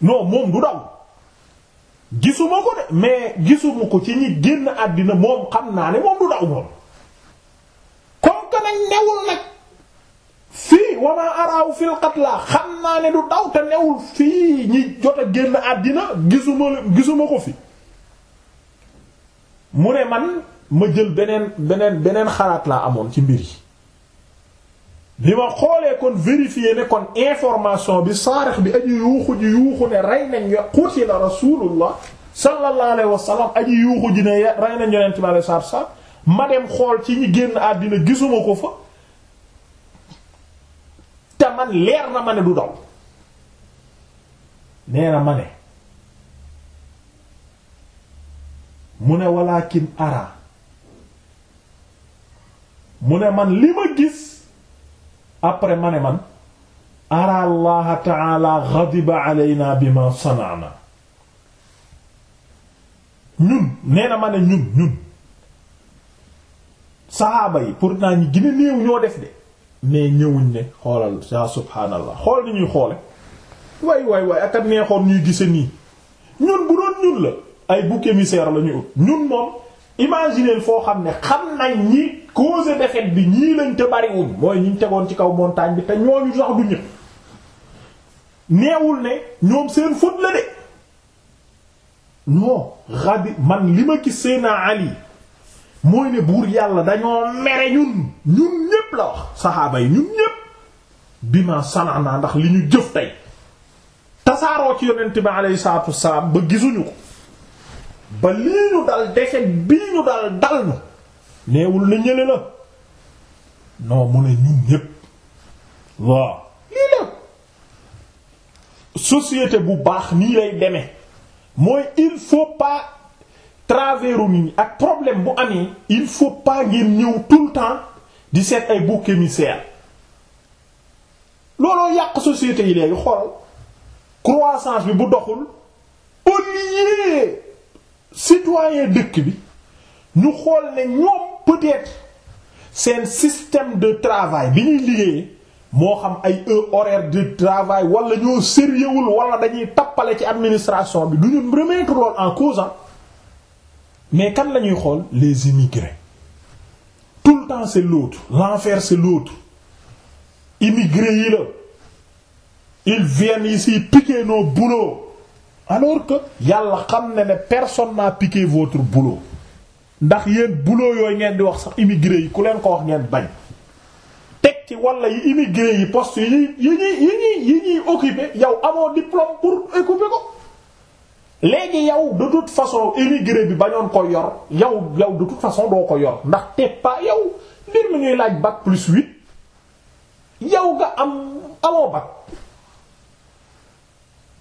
non moom du daw gisuma ko de mais gisuma ko ci ñi génn àddina moom xam naa ne moom du daw moom comme que nag newul nag fii wama araaw fil qatla xam naa ne du daw te newul fii ñi jot génn àddina gisuma gisuma ko fi mu ne man ma jël beneen beneen beneen xalaat laa amoon ci mbir yi li ma xoolee kon vérifier ne kon information bi saarix bi aji yuuxu ji yuuxu ne rey nañ yo qutila rasulullah sallallahu alayhi wa sallam aji yuuxu ji ne rey nañ yonent bi alayhi salaatu salaam ma dem xool ci ñi génn àddina gisuma ko fa te man leer na ma ne du daw nee na ma ne mu ne walaakin ara mu ne man li ma gis après ma ne man ara allaha taala ghadiba alayna bima sana'na ñun nee ma ne ñun ñun saxaaba yi pourtant ñi gën a ñoo def de mais ñëwuñ ne xoolal ya subhaanallah xool ni ñuy xoole waay waay waay akat neexoon ñuy gise nii ñun bu doon ñun la ay bouc émissaire la ut ñun moom imaginer foo xam ne xam nañ ñi cause defet bi ñii lañ te bariwuñ mooy ñi ñu tegoon ci kaw montagne bi te ñooñu sax du ñëpp neewul ne ñoom seen faute la de non rabi man li ma gis Seydina Ali mooy ne buur yàlla dañoo mere ñun ñun ñépp la wax saxaaba yi ñun ñépp bi ma sanaa ndax li ñu jëf tey tasaaroo ci yonent bi alayhi salaatu wassalaam ba gisuñu ko ba lii ñu dal défaite bii ñu dal dal na neewul na ñële la non mu ne ñun ñépp waaw lii la société bu baax nii lay demee mooy il faut pas traverser nit ak problème bu amee il faut pas ngeen ñëw tout le temps di seet ay boucs émissaires looloo yàq société yi léegi xool croissance bi bu doxul au lieu citoyen dëkk bi ñu xool ne ñoom peut-être seen système de travail bi ñuy liggéeyee moo xam ay horaire de travail wala ñoo sérieuxul wala dañuy tappale ci administration bi du ñu remettre lool en cause mais kan la ñuy xool les immigrés tout le temps c'est l'autre l'enfer c'est l'autre immigrés yi la ils viennent ici piquer nos boulots alors que yàlla xam ne ne personne n'a piqué votre boulot ndax yéen buloo yooyu ngeen di wax sax immigré yi ku leen ko wax ngeen bañ teg ci wala yi immigré yi poste yi yi ñuy yi ñuy occupé yow amoo diplôme pour occuper ko léegi yow de façon immigré bi bañoon ko yor yow yow de façon doo ko yor ndax te pas yow mbir mi ñuy laaj bac plus huit yow nga am amoo bac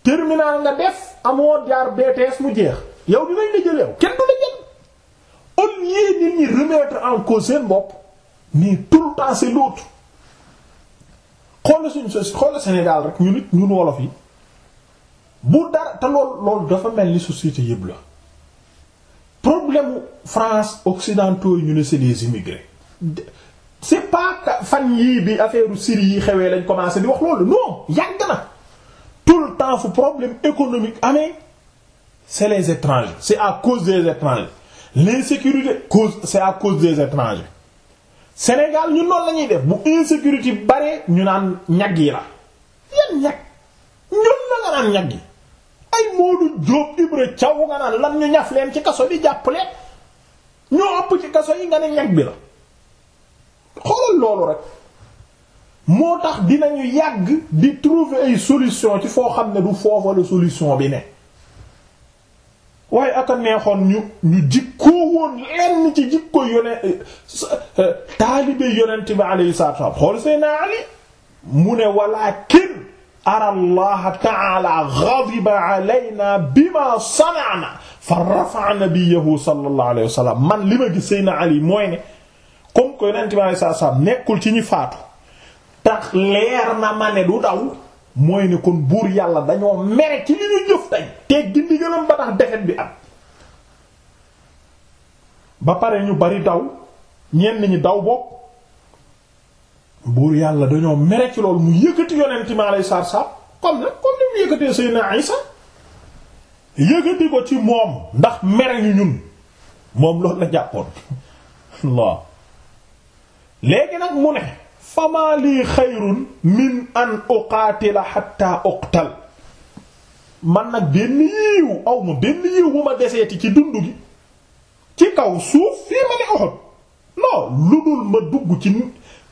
terminal nga def amoo jaar BTS mu jeex yow bi la jël yow kenn du la au lieu nit ñi remettre en cause seen bopp mais tout le temps c'est l'autre xoolal suñu xoolal Sénégal rek ñu nit ñun wolof yi bu dara te lool loolu dafa mel ni société yëpp la problème France occidentaux yi ñu ne c'est les immigrés c'est pas fan yii bi affaire Syrie yi xewee lañ commencé di wax loolu non yàgg na tout le temps fu problème économique amee c'est les étrangers c'est à cause des étrangers l'insécurité cause c'est à cause des étrangers Sénégal ñu noonu la ñuy def bu insécurité bare ñu naan ñag yi la yan ñag ñun la nga naan ñag yi ay Modou Diop Ibra caw nga naan lan ñu ñaf ci kaso bi jàppale ñoo ëpp ci kaso yi nga ne ñag bi la xoolal loolu rek moo tax dinañu yàgg di trouver ay solution ci foo xam ne du foofa la solution bi ne waaye aka neexoon ñu ñu jikkoo woon lenn ci jikko yone euh, euh, taalibe yonent bi alayhi salaatu xool Seydina Ali mu ne walaakin ara allaha ta'ala ghadiba alayna bima sana'na fa rafa'a nabiyahu sallallahu man lima ma gis Seydina Ali mooy ne comme que yonent bi alayhi salaatu wasallam nekkul ci ñi faatu tax leer na ma ne du daw mooy ne kon buur yàlla dañoo mere ci li ñu jëf tey teggi ndigalam ba tax defet bi am ba pare ñu bari daw ñenn ñi daw bopp buur yàlla dañoo mere ci loolu mu yëkkati yonent mi alayhi salaatu salaam comme nag comme ni mu yëkkatee Seydina Isa yëkkati ko ci moom ndax mere ñu ñun moom loolu la jàppoon waaw léegi nag mu ne famaa lii xayrun min an uqaatila hatta uqtal man nag benn yiiw aw ma benn yiiw bu ma deseeti ci dund gi ci kaw suuf fii ma ne Uhud non lu dul ma dugg ci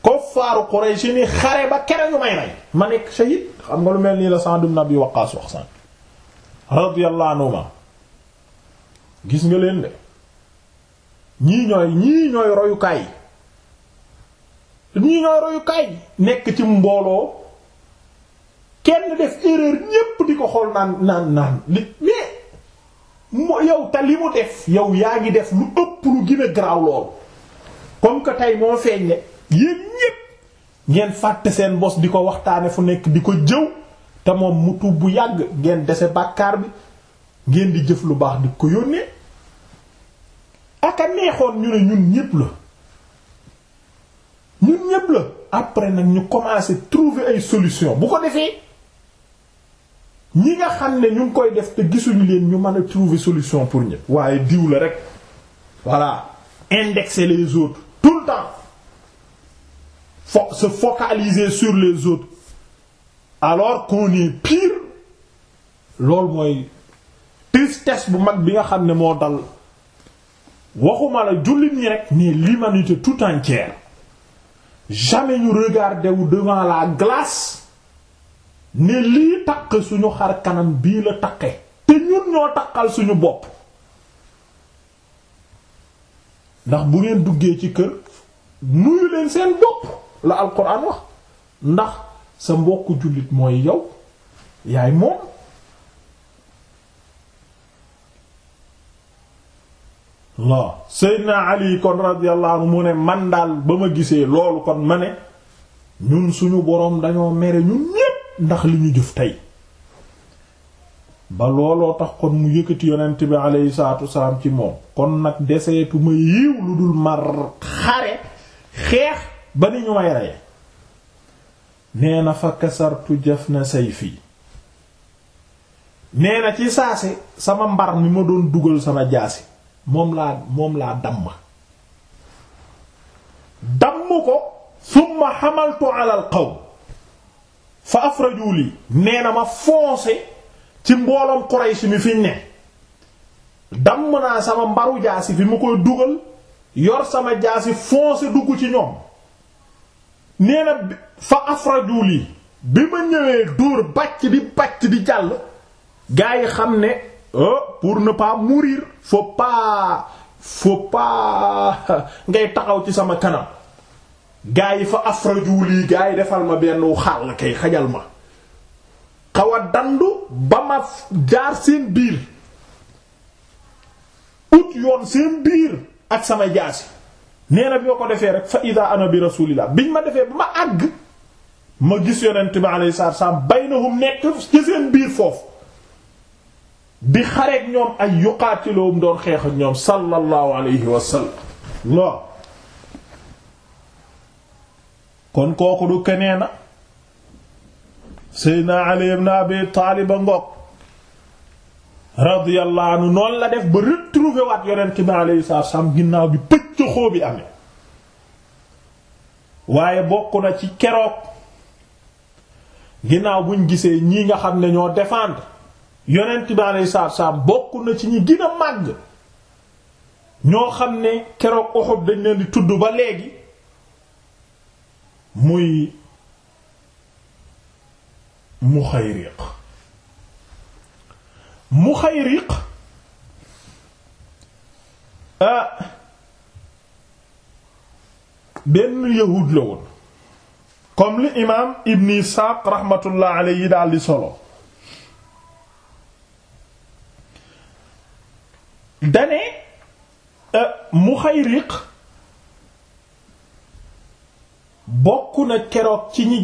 kuffaaru Quraysh ni xare ba kere ñu may rey ma nekk shahid xam nga lu mel nii la Sa'd ibn Abi Waqqaas wax sànq radiyallahu anhuma gis nga leen de ñii ñooy ñii ñooy royukaay ñii ñooy royukaay nekk ci mbooloo kenn def erreur ñépp di ko xool naan naan naan li mais yow te li mu def yow yaa ngi def lu ëpp lu gën garaaw lool comme que tey moo feeñ ne yéen ñépp ngeen fàtte seen bos di ko waxtaane fu nekk di ko jëw te moom mu tub bu yàgg ngeen dese bàkkaar bi ngeen di jëf lu baax di ko yónnee aka neexoon ñu ne ñun ñépp la ñun ñëpp la après nag ñu commencer trouver ay solution bu ko defee ñi nga xam ne ñu ngi koy def te gisuñu leen ñu mën a trouver solution pour ñëpp waaye diw rek voilà indexer les autres tout le temps fo se focaliser sur les autres alors qu'on est pire loolu mooy tristesse bu mag bi nga xam ne moo dal waxuma la jullit ñi rek mais l'humanité tout entière jamais ñu regarder wu devant la glace ne lii takk suñu xar kanam bii la taqe te ñun ñoo taqal suñu bopp ndax bu ngeen duggee ci kër nuyu leen seen bopp la alquran wax ndax sa mbokk jullit mooy yow yaay moom Allah Seydina Ali kon radiyallahu mu ne man daal ba ma gisee loolu kon ma ne ñun suñu boroom dañoo mere ñun ñépp ndax li ñu jëf tey ba looloo tax kon mu yëkkati yonent bi aleyhi salaatu wasalaam ci moom kon nag deseetu ma yiiw lu dul mar xare xeex ba ni ñu may reye nee na fa kasartu jafna sayfi nee na ci saase sama mbar mi ma doon dugal sama jaasi moom laa moom laa damm damm ko summa xamaltu ala al qawm fa afraju lii nee na ma foncé ci mbooloom Quraysh mi fiñ ne damm naa sama mbaru jaasi fi mu koy dugal yor sama jaasi foncé dugg ci ñoom nee na fa afraju lii bi ma ñëwee dóor bàcc di bàcc di jàll gaa yi xam ne Euh, pour ne pas mourir faut pas faut pas ngay taxaw ci sama kanam gaa yi fa afraju lii gaa yi defal ma benn xàll kay xajal ma xaw a dandu ba ma jaar seen biir ut yoon seen biir ak sama jaasi nee na bi ma ko defee rek fa ida ana bi rasulillah biñ ma defee ba ma àgg ma gis yonent bi alayhi salaam baynahum nekk ci seen biir foofu di xareek ñoom ay yuqaatiloom doon xeex ak ñoom sallallahu alayhi wa sallam kon kooku du kenee na seydna ali ibn abi taalib a ngoog radiyallahu noon la def ba retrouver waat yonent bi alayhi salaatu wassalaam ginnaaw bi pëccëxoo bi amee waaye bokk na ci keroog ginnaaw buñ gisee ñi nga xam ne ñoo défendre yonent bi alayhi salaatu salaam bokk na ci ñi gën a ñoo xam ne keroog Uhud dañ leen di tudd ba léegi muy Muxayriq Muxayriq ah benn yahuud la woon comme li imaam Ibn Isaaq rahmatullah alayhi daal di solo dane euh, Muxayriq bokk na keroog ci ñi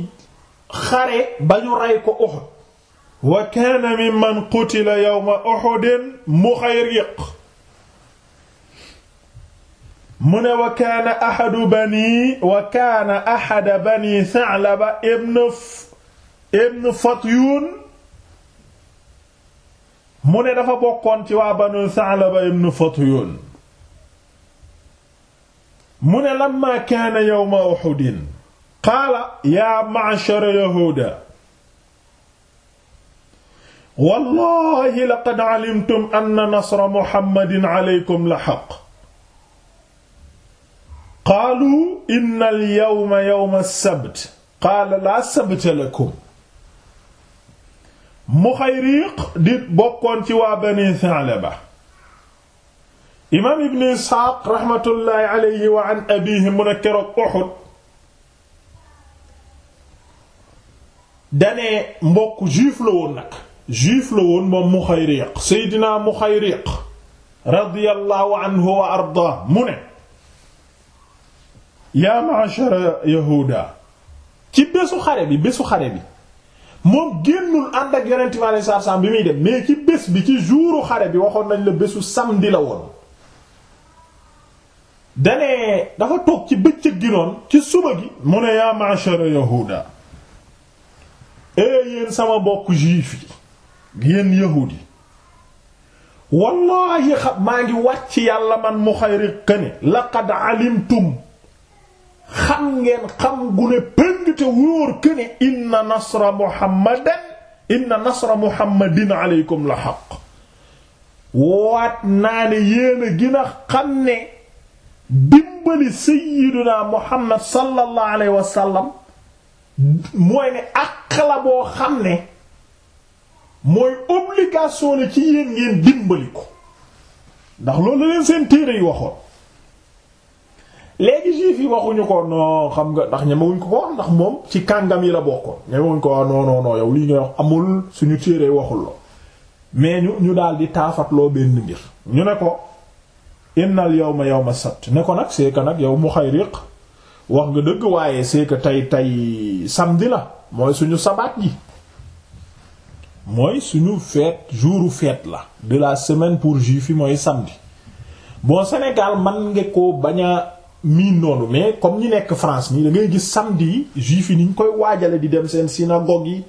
xare ba ñu rey ko Uhud wa kaana mimman qutila yawma Uhudin Muxayriq mu ne wa kaana ahadu bani wa kaana ahada bani Sa'laba ibn ibn Fatyun mu ne dafa bokkoon ci waa banu Sa'laba ibn Fatyon mu ne lamma kaana yawma Uhud qaala yaa ma'shara yahuuda wallahi laqad alimtum anna nasra Muhammadin alaykum la haqq qaaluu inna al-yawma yawma as-sabt qaala laa sabta lakum Muxayriq di bokkoon ci waa Bani imaam Ibn Isxaaq raxmatullaahi alayhi wa an abiihi mu danee mbokk juif la woon nag juif la woon moom anhu wa ardaa mu ne yaa ma'shara yahuuda ci bésu xare moom génnul ànd ak yonent bi alayhi bi muy dem mais ci bés bi ci jouru xare bi waxoon nañ la bésu samedi la woon danee dafa toog ci bëccëg gi ci suba gi mu ne yaa ma'shara yahuda ee eh, yéen sama bokk juif yi yéen yahuud yi wallaahi xam maa ngi wàcc yàlla man Muxayriq ne laqad alimtum xam ngeen xam gu ne pëng te wóor que ne inna nasra muhammadan inna nasra muhammadin aleykum la xaq waat naa ne yéen a xam ne dimbali sayyiduna muhammad sallallahu alayhi wa sallam mooy ne àq la boo xam ne mooy obligation la ci yéen ngeen dimbali ko ndax loolu leen seen téere yi waxoon léegi juif yi waxuñu ko non xam nga ndax ñemewuñ ko ko wax ndax moom ci kàngam yi la bokkoon ñemewuñ ko ah, non non non yow lii nga wax amul suñu téere waxul la mais ñu ñu daal di taafatloo benn ngir ñu ne ko innal yow ma sabt ne ko nag c'est que nag yow mu xayriq wax nga dëgg waaye c'est que tey tey samedi la mooy suñu sabaat yi mooy suñu fête jouru fête la de la semaine pour juif yi mooy samedi bon Sénégal man nga ko bañ miin noonu mais comme ñi nekk France nii da ngay gis samdi yi juif yi ni koy waajale di dem seen synagogue yi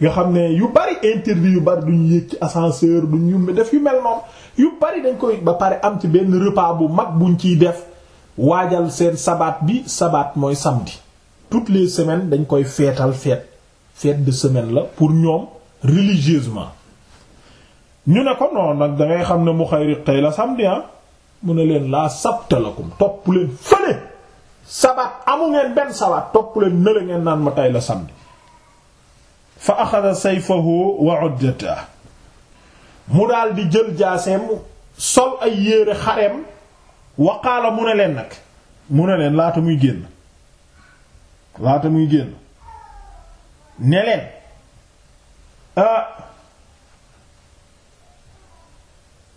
nga xam ne yu bari interdit yu bari duñ yéeg ci ascenseur duñ yumbi def yu mel noonu yu bari dañ koy ba pare am ci benn repas bu mag buñ ciy def waajal seen sabaat bi sabaat mooy samdi toutes les semaines dañ koy feetal fête fête de semaine la pour ñoom religieusement ñu ne ko noonu nag da xam ne mu xayri tey la samedi ah. mu ne leen laa sabtalakum topp leen fële sabaat amu ngeen benn sabaat topp leen nële ngeen naan ma tay la samedi fa axada sayfahu wa uddata mu daal di jël jaaseem sol ay yére xareem wa mu ne leen nag mu ne leen laata muy génn laata muy génn ne leen ah,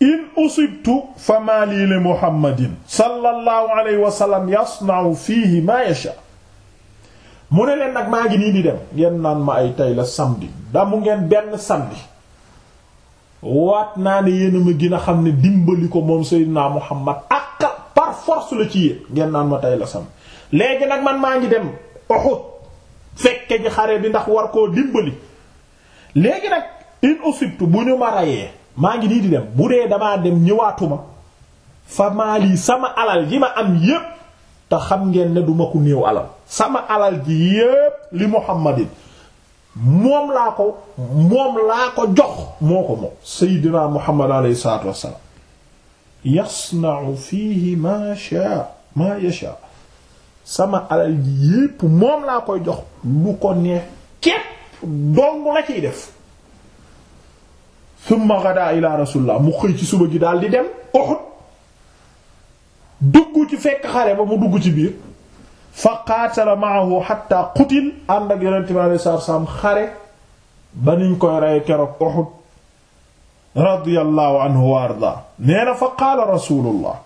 in usibtu fa maa lii li muhammadin sallallahu alayhi wa sallam fiihi maa yasha mu ne leen ak maa ngi nii di dem ngeen naan ma ay tey la samedi damu ngeen benn samedi waat naa ne yéen a ma gën a xam ne dimbali ko moom Seydina Muhammad ak par force la ci yéen ngeen naan ma tey la samedi léegi nag man maa ngi dem Uhud fekke ji xare bi ndax war koo dimbali léegi nag in usibtu bu ñu ma rayee maa ngi nii di dem bu dee damaa dem ñëwaatuma fa maali sama alal ji ma am yépp te xam ngeen ne duma ko néew alal sama alal ji yépp li muhammadin moom laa ko moom laa ko jox moo ko moom seydinaa muhammad alayhi salaatu sama alal yépp moom laa koy jox lu ko neex képp dong la ciy def summa ghadaa ila mu xëy ci suba gi daal di dem Uhud dugg ci fekk xare ba mu dugg ci biir fa qaatala ma'ahu hatta qutil ànd ak yonent bi xare ba niñ koy rey keroog Uhud radiyallahu anhu wa ardaa nee na fa qaala rasulullah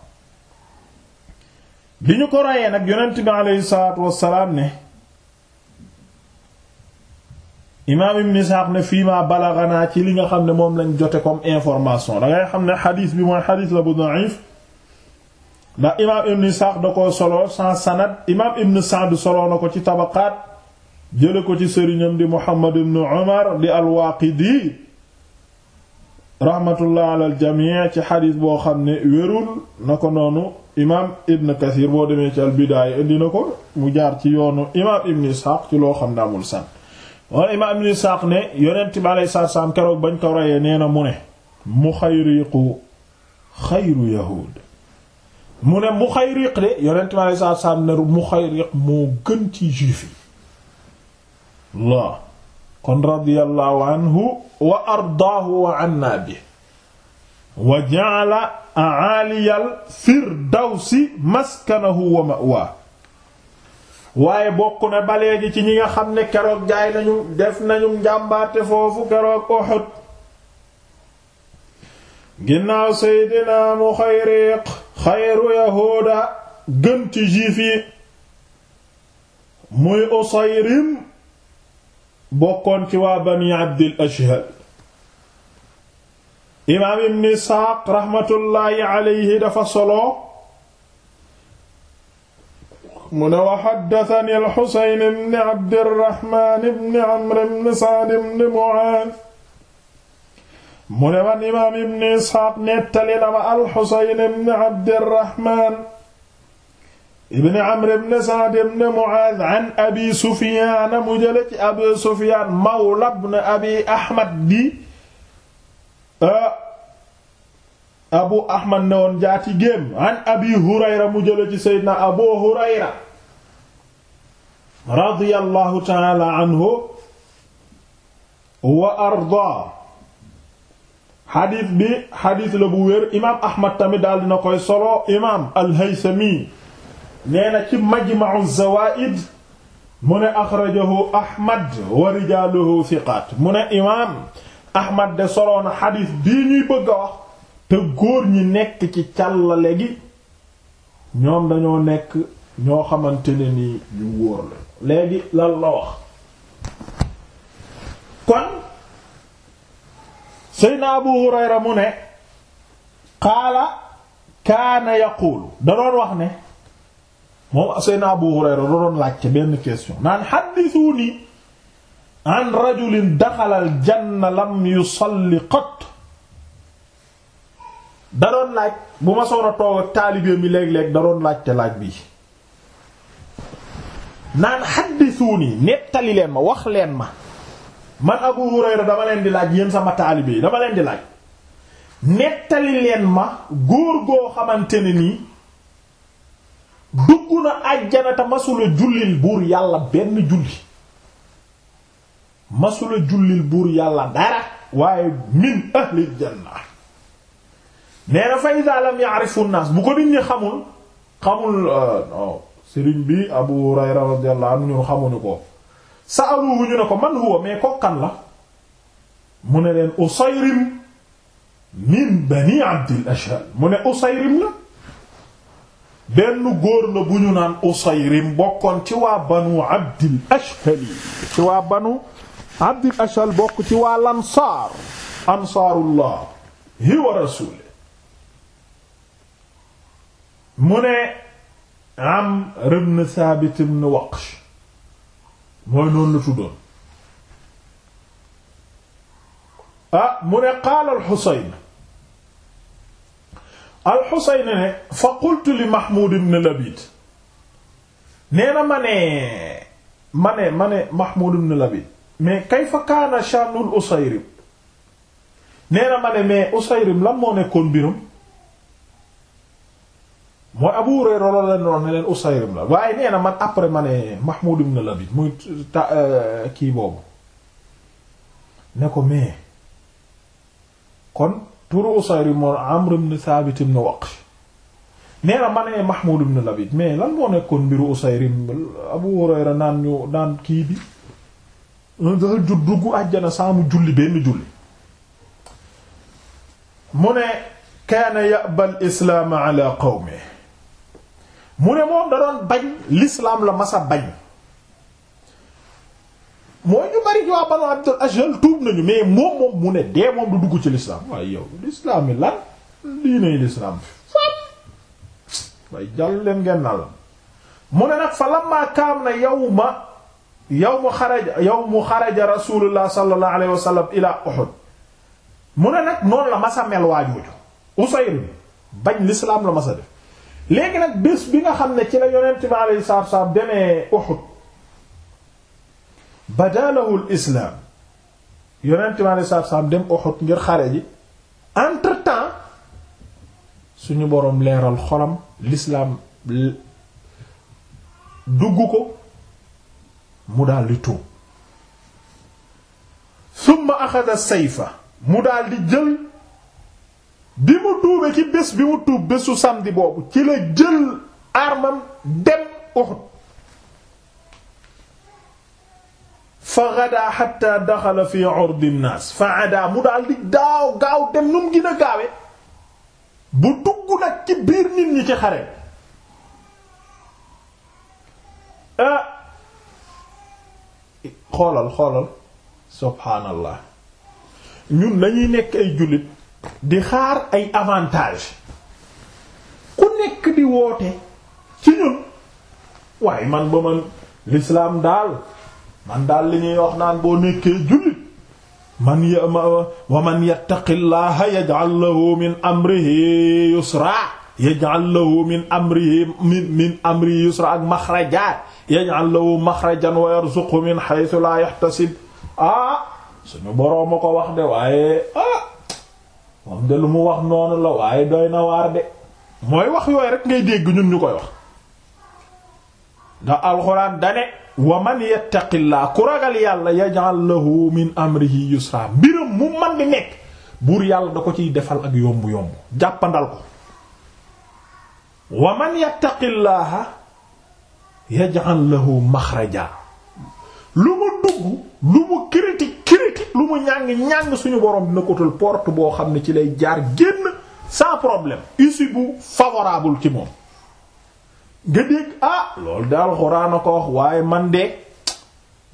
bi ñu ko reyee nag yonent bi alayhi ne imaam ibn Isxaaq ne fii ma balaganaa ci li nga xam ne moom lañ jote comme information da ngay xam ne xadiis bi mooy xadiis la bu da'if ndax imaam ibn Isxaaq da koo solo san sanad imaam ibn Sa'd solo na ko ci tabaqaat jële ko ci sëriñam di Muhammad ibn Umar di al-Waaqidi rahmatullah jamii ci xadiis boo xam ne wérul na ko noonu imaam ibn Kasiir boo demee ci al-Bidaaya indi na ko mu jaar ci yoonu imaam ibn Isxaaq ci loo xam ne amul sanad wala imaam ibn Isaaq ne yonent bi alayhi keroog bañ ko reyee nee na mu ne Muxayriqu xayru yahuud mu ne Muxayriq de yonent bi alayhi ne Muxayriq moo gën ci juif yi la kon radiyallahu anhu wa ardaahu wa anna bi wa ja'ala a'aaliyal firdawsi maskanahu wa ma'waahu waaye bokk na ba léegi ci ñi nga xam ne keroog jaay nañu def nañu njàmbaate foofu keroog Uhud ginnaaw seydinaa mu xayriiq xayru yahuuda gën ci juif yi muy Usayrim bokkoon ci waa bani Abdil Ashhal imaam ibn Isxaaq raxmatullaahi alayhi dafa solo mu ne wa haddathani al-Husayn ibn Abdirrahman ibn Amr ibn Sa'd ibn Mu'adh mu ne man imaam ibn Isxaaq nettali na ma al-Husayn ibn Abdirrahman ibn Amr ibn Sa'd ibn Mu'adh an Abi Sufyaan mu jële ci Abi Sufyaan mawla ibn Abi Ahmad di abu ahmad ne woon jaati géem an abi mu jële ci seydina abu hurayra radiyallahu taala anhu wa arda xadis bi xadis la bu wér imaam ahmad tamit daal dina koy solo imaam alhaysami nee na ci majma'u zawaid mu ne axrajahu ahmad wa rijaaluhu thiqaat mu ne imaam ahmad de soloon xadis bii ñuy bëgg wax te góor ñi nekk ci càllale gi ñoom dañoo nekk ñoo xamante ne ni yu wóor la léegi lan la wax kon Seydina Abu Hurayra mu ne qaala kaana yaquulu da doon wax ne moom Seydina Abu Hurayra da doon laajte benn question naan haddisuuni an rajulin daxala al janna lam yusalli qat da doon laaj bu ma soon a toog ak taalibe mi léeg-léeg da doon laaj te laaj bi naan xaddisuuni nettali leen ma wax leen ma man Abu Hurayra dama leen di laaj yéen sama taalibe yi dama leen di laaj nettali leen ma góor goo xamante ne nii dugg na àjjana te masula jullil buur yàlla benn julli masula jullil buur yàlla dara waaye min ahlil janna nee na fa iza lam ya'rifu an bu ko nit ñi xamul xamul euh, bi Abu Hurayra radiyallahu anhu ñun xamuñu ko sa'aluhu ñu ne ko man huwa mais kokkan la mu ne leen min bani Abdil Ashhal mu ne la benn góor la bu ñu naan Usayrim bokkoon ci waa banu Abdil Ashhal ci waa banu Abdil bokk ci waa Ansaar ansaarullah wa rasuulihi mu ne Amr ibn Thabit ibn Waqsh mooy noonu la tuddoon ah mu ne qaala al-Husayn al-Husayn ne fa qultu li Mahmoud ibn Labid nee na ma ne ma ne ma ne Mahmoud ibn Labid mais kayfa kaana sha'nul Usayrim nee na ma ne mais Usayrim lan moo nekkoon biram mooy Abu Hurayra la waaye nee na man après ma ne Mahmoud ibn muy ta euh, kii boobu ne ko mais kon turu Usayr moo Amr ibn Thabit ibn Waqsh nee na ma ne Mahmoud ibn Labid mais lan moo nekkoon mbiru Usayr Abu Hurayra naan ñu naan kii bi dafa jut dugg àjjana saa mu julli benn julli mu ne kaana al-islaam ala qawmihi mu ne moom da doon bañ l'islam la masa bañ mooy ñu bari ci waa Banu Abdul Ashhal tuub nañu mais moom moom mu ne dee moom du dugg ci l'islam waaye yow l'islam yi lan diiney l'islam fi mu ne nag fa lamma kaam na yawma yawmu xaraja yawmu xaraja rasulullah sallallahu alayhi wa sallam ila mu ne nag noonu la masa mel waajooju Usayr bañ l'islam la masa def léegi nag bés bi nga xam ne ci la yonent bi alayhi salaatu salaam demee Uhud badalahul islaam yonent bi alayhi salaatu dem Uhud ngir xare ji entre temps suñu boroom leeral xolam l'islam dugg ko mu daal di tuub summa axada sayfa mu daal di jël bi mu duube ci bés bi mu tuub bésu samedi boobu ci la jël armam dem Uhud fa ghadaa hatta daxala fi urdi nnaas fa adaa mu daal di daaw gaaw dem nu mu gën a bu dugg nag ci biir nit ñi ci xare ah xoolal xoolal subhaanallah ñun lañuy nekk ay jullit di xaar ay avantage ku nekk di woote ci ñun waaye man ba man l'islam daal man daal li ñuy wax naan boo nekkee jullit man ya wa man yattaqillaha yaj'al lahu min amrihi yusra yaj'al lahu min amrihi min min amrihi yusra ak maxraja yaj'al lahu maxrajan wa yarzuqhu min haythu la yahtasib ah suñu boroom a ko wax de waaye ah moom de lu mu wax noonu la waaye doy na waar de mooy wax yooyu rek ngay dégg ñun ñu koy wax ndax alxuraan dane wa man yattaqillaa ku ragal yàlla yaj'al lahu min amrihi yusra mbiram mu man di nekk buur yàlla da ko ciy defal ak yomb yomb jàppandal ko wa man yattaqillaaha lahu maxraja lu mu dugg lu mu critique critique lu mu ñàng ñàng suñu borom dina ko porte boo xam ne ci lay jaar génn sans problème issue bu favorable ci moom nga dégg ah loolu daal Alxuraan a ko wax waaye man de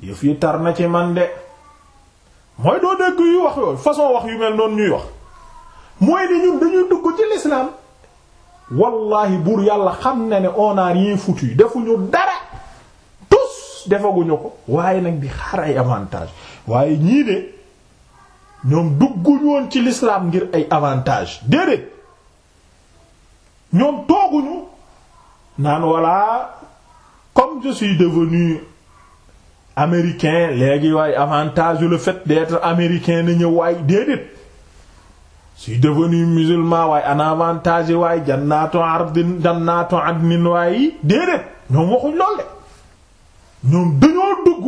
yëf yi tar na ci man de mooy doo dégg yu wax yooyu façon wax yu mel noonu ñuy wax mooy ni ñun dañuy dugg ci l'islam wallahi buur yàlla xam na ne on a rien foutu defuñu dara defaguñu ko waaye nag bi xaar ay avantage waaye ñii de ñoom dugguñu woon ci lislaam ngir ay avantage déedéet ñoom tooguñu naan voilà comme je suis devenu américain léegi waaye avantage le fait d'être américain na ñëw waay déedéet suis devenu musulman waaye ana avantage yi waaye jannaatu ardin jannaatu adnin waaye déedéet ñoom waxuñ lool de ñoom dañoo dugg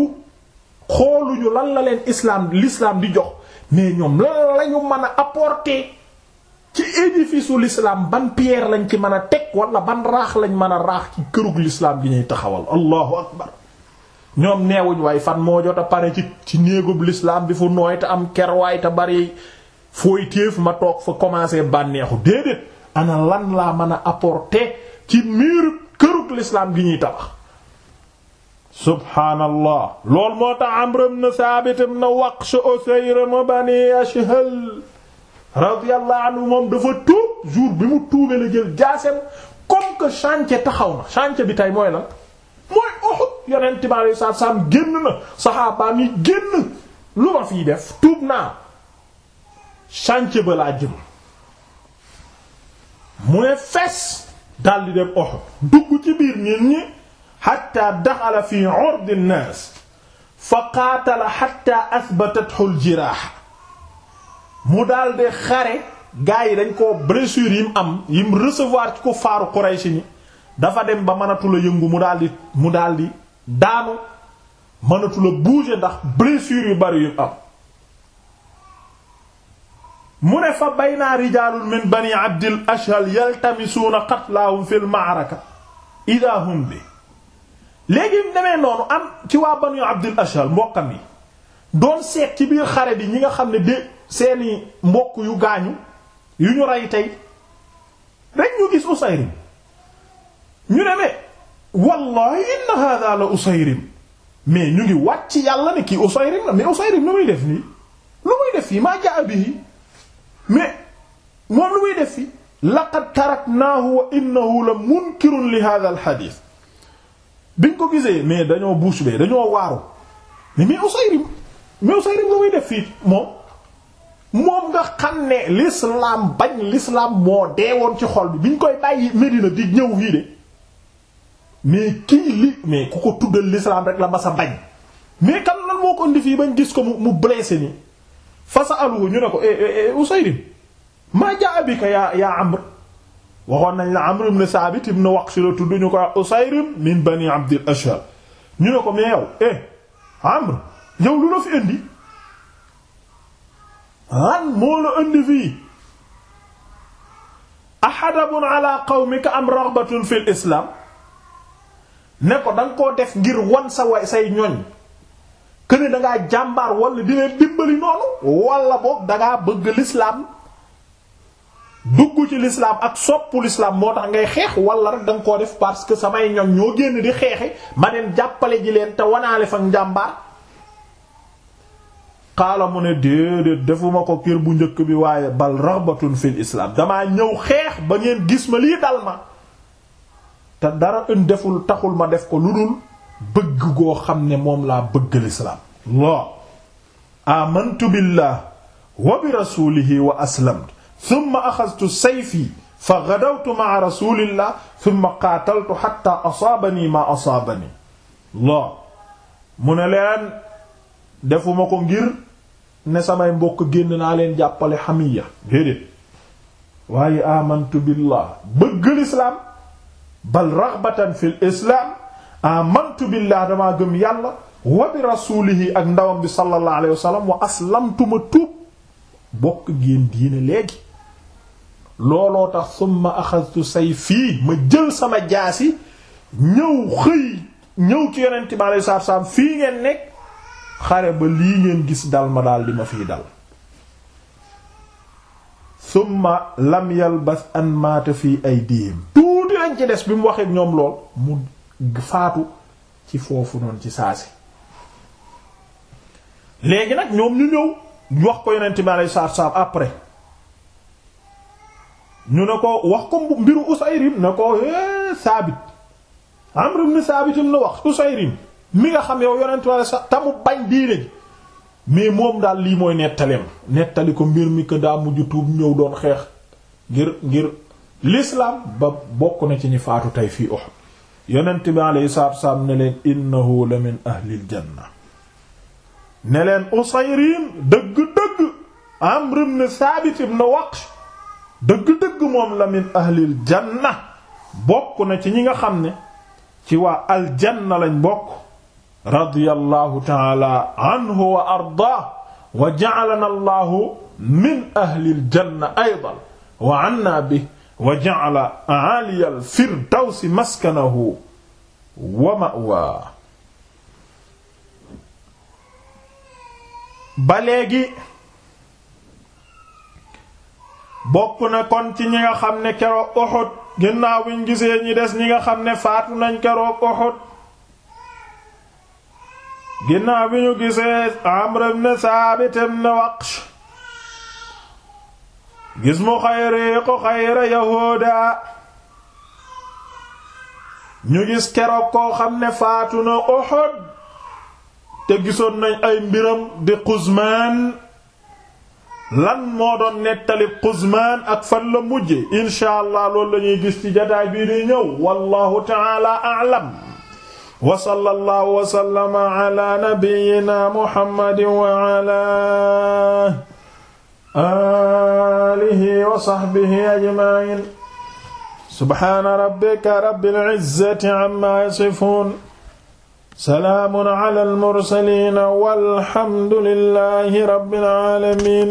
xooluñu lan la leen islam l'islam di jox mais ñoom lan lañu mën a apporter ci édifice u ban pierre lañ ci mën a teg walla ban raax lañ mën a raax ci kërug l'islam ñuy taxawal allahu akbar ñoom waay fan moo ci ci néegub bi fu nooy te am kerwaay te bari fooy ma toog fu commencé bànneexu déedéet ana lan laa mën a apporter ci miiru kërug l'islam gi ñuy tabax subhaanallah lool moo tax Amr ibn Saabit ibn Waqsh Usayrim bani Ashhal radiyallahu anhu moom dafa tuub jour bi mu tuubee la jël jaasem comme que chantier taxaw na chantier bi tey mooy lan mooy Uhud yonent bi alayhi salaatu génn na saxaabaam yi génn lu ma fiy def tuub naa chantier ba laa jëm mu ne fees daldi dem Uhud dugg ci biir ñin ñi xatta daxala fi urdi an-naas fa qaatala xatta asbatathu al-jiraaha mu daal de xare gars yi dañ ko blessure yim am yim recevoir ci ko faaru dafa dem ba mënatula yëngu mu daal mu daal di daanu mënatula bouger ndax blessure yu bari yim am mu ne fa bayna rijaalun min bani abdil ashhal yaltamisuuna qatlahum fil ma'raka idaa hum léegi mu demee noonu am ci waa banu Abdul Ashal mbokkam yi doon seet ci biir xare bi ñi nga xam ne de seeni mbokk yu gaañu yu ñu rey tey rek ñu gis Usayrim ñu ne mais wallahi inna hadha la Usayrim mais ñu ngi wàcc yàlla ne kii Usayrim la mais Usayrim lu muy def nii lu muy def fii maa jaa bihi mais moom lu muy def fii laqad taraknaahu wa innahu la munkirun li hadha al biñ ko gisee mais dañoo bouche bee dañoo waaru mais mais mais Usayrim la muy def fii moom moom nga xam ne l'islam bañ lislaam moo deewoon ci xool bi biñ koy bàyyi Medina di ñëw fii de mais kii li mais ku ko tuddal l'islam rek la ma sa bañ mais kan lan moo ko indi fii bañ gis ko mu mu blessé ni fa sa aluhu ñu ne ko eh, eh, eh, Usayrim maa jaa abika yaa yaa Amr waxoon nañ la Amr ibn Saabit ibn Waqsh la tudd ñu ko Usayr min bani Abdil Ashhal ñu ne ko mais yow eh Amr yow lu la fi indi lan moo la indi fii ahadabun ala qawmika am raghbatun fil islam ne ko da koo def ngir wan sa way say ñoñ këne dangaa jàmbaar wala di leen dimbali noonu wala boog dangaa bëgg lislaam dugg ci lislaam ak soppu l'islam moo tax ngay xeex wala rek da nga def parce que samay ñoñ ñoo génn di xeexi ma neen jàppale ji leen te wanaale fa njàmbaar xaala mu ne déedéet defuma ko kër bu njëkk bi waaye bal raxbatun fil islam damaa ñëw xeex ba ngeen gis ma lii dal ma te dara deful taxul ma def ko lu dul bëgg goo xam ne moom laa bëgg l'islam loo amantu wa bi rasulihi wa aslamtu thumma axadtu sayfi fa gadawtu ma'a rasulillah thumma qaataltu hatta asaabani ma asaabani loo mu ne leen defuma ko ngir ne samay mbokk génn naa leen jàppale xamiya déedéet waaye amantu billah bëgg lislaam bal raghbatan fil islaam amantu billah damaa gëm yàlla wa bi rasulihi ak ndawam bi sallallahu alayhi wa sallam wa aslamtuma tuub bokk génn diine léegi looloo tax summa axadtu fii ma jël sama jaasi ñëw xëy ñëw ci yonent bi alayhi salaatu fii ngeen nekk xare ba lii ngeen gis dal ma daal di ma fiy dal summa lam yalbas an maata fii aydihim tuuti lañ ci des bi mu waxee ñoom lool mu faatu ci foofu noonu ci si léegi nag ñoom ñu ñëw wax ko yonent bi alayhi salaatu salaam après ñu ne ko wax ko mbiru Usayrim ne ko é eh, saabit Amr ibn Saabit na wax Usayrim mi nga xam yow yonentu Yàlla tamu bañ diine mais moom daal lii mooy nettaleem nettali ko mbir mi que daa mujj tuub ñëw doon xeex ngir ngir l'islam ba bokk na ci ñi faatu tey fii Uhud yonent bi alayhi salaatu wassalaam innahu la ahlil janna ne leen Usayrim dëgg-dëgg Amr ibn Saabit ibn Waqsh dëgg-dëgg moom la min ahlil janna bokk na ci ñi nga xam ni ci waa aljanna lañ bokk radiyallahu taala anhu wa ardaa wa ja'alana allahu min ahlil janna aydan wa anna bi wa ja'ala aaliyal firdawsi maskanahu wa ma'wa bokk na kon ci ñi nga xam ne keroog Uhud ginnaaw buñ gisee ñi des ñi nga xam ne faatu nañ keroog Uhud ginnaaw bi ñu gisee Amr ibn Saabit ibn Waqsh gis mu xayri ko xayra yahuuda ñu gis keroog koo xam ne faatu na Uhud te gisoon nañ ay mbiram di Quzmaan lan moo doon nettali Quzmaan ak fan la mujje inshaa allah loolu la ñuy gis ci jataay bii di ñëw wallahu ta'ala a'lam wa sallallahu wa sallama ala nabiyyina muhammadin wa ala alihi wa sahbihi ajma'in subhana rabbika rabbil izzati amma yasifun salaamun ala al mursalin walhamdulillahi rabbil alamin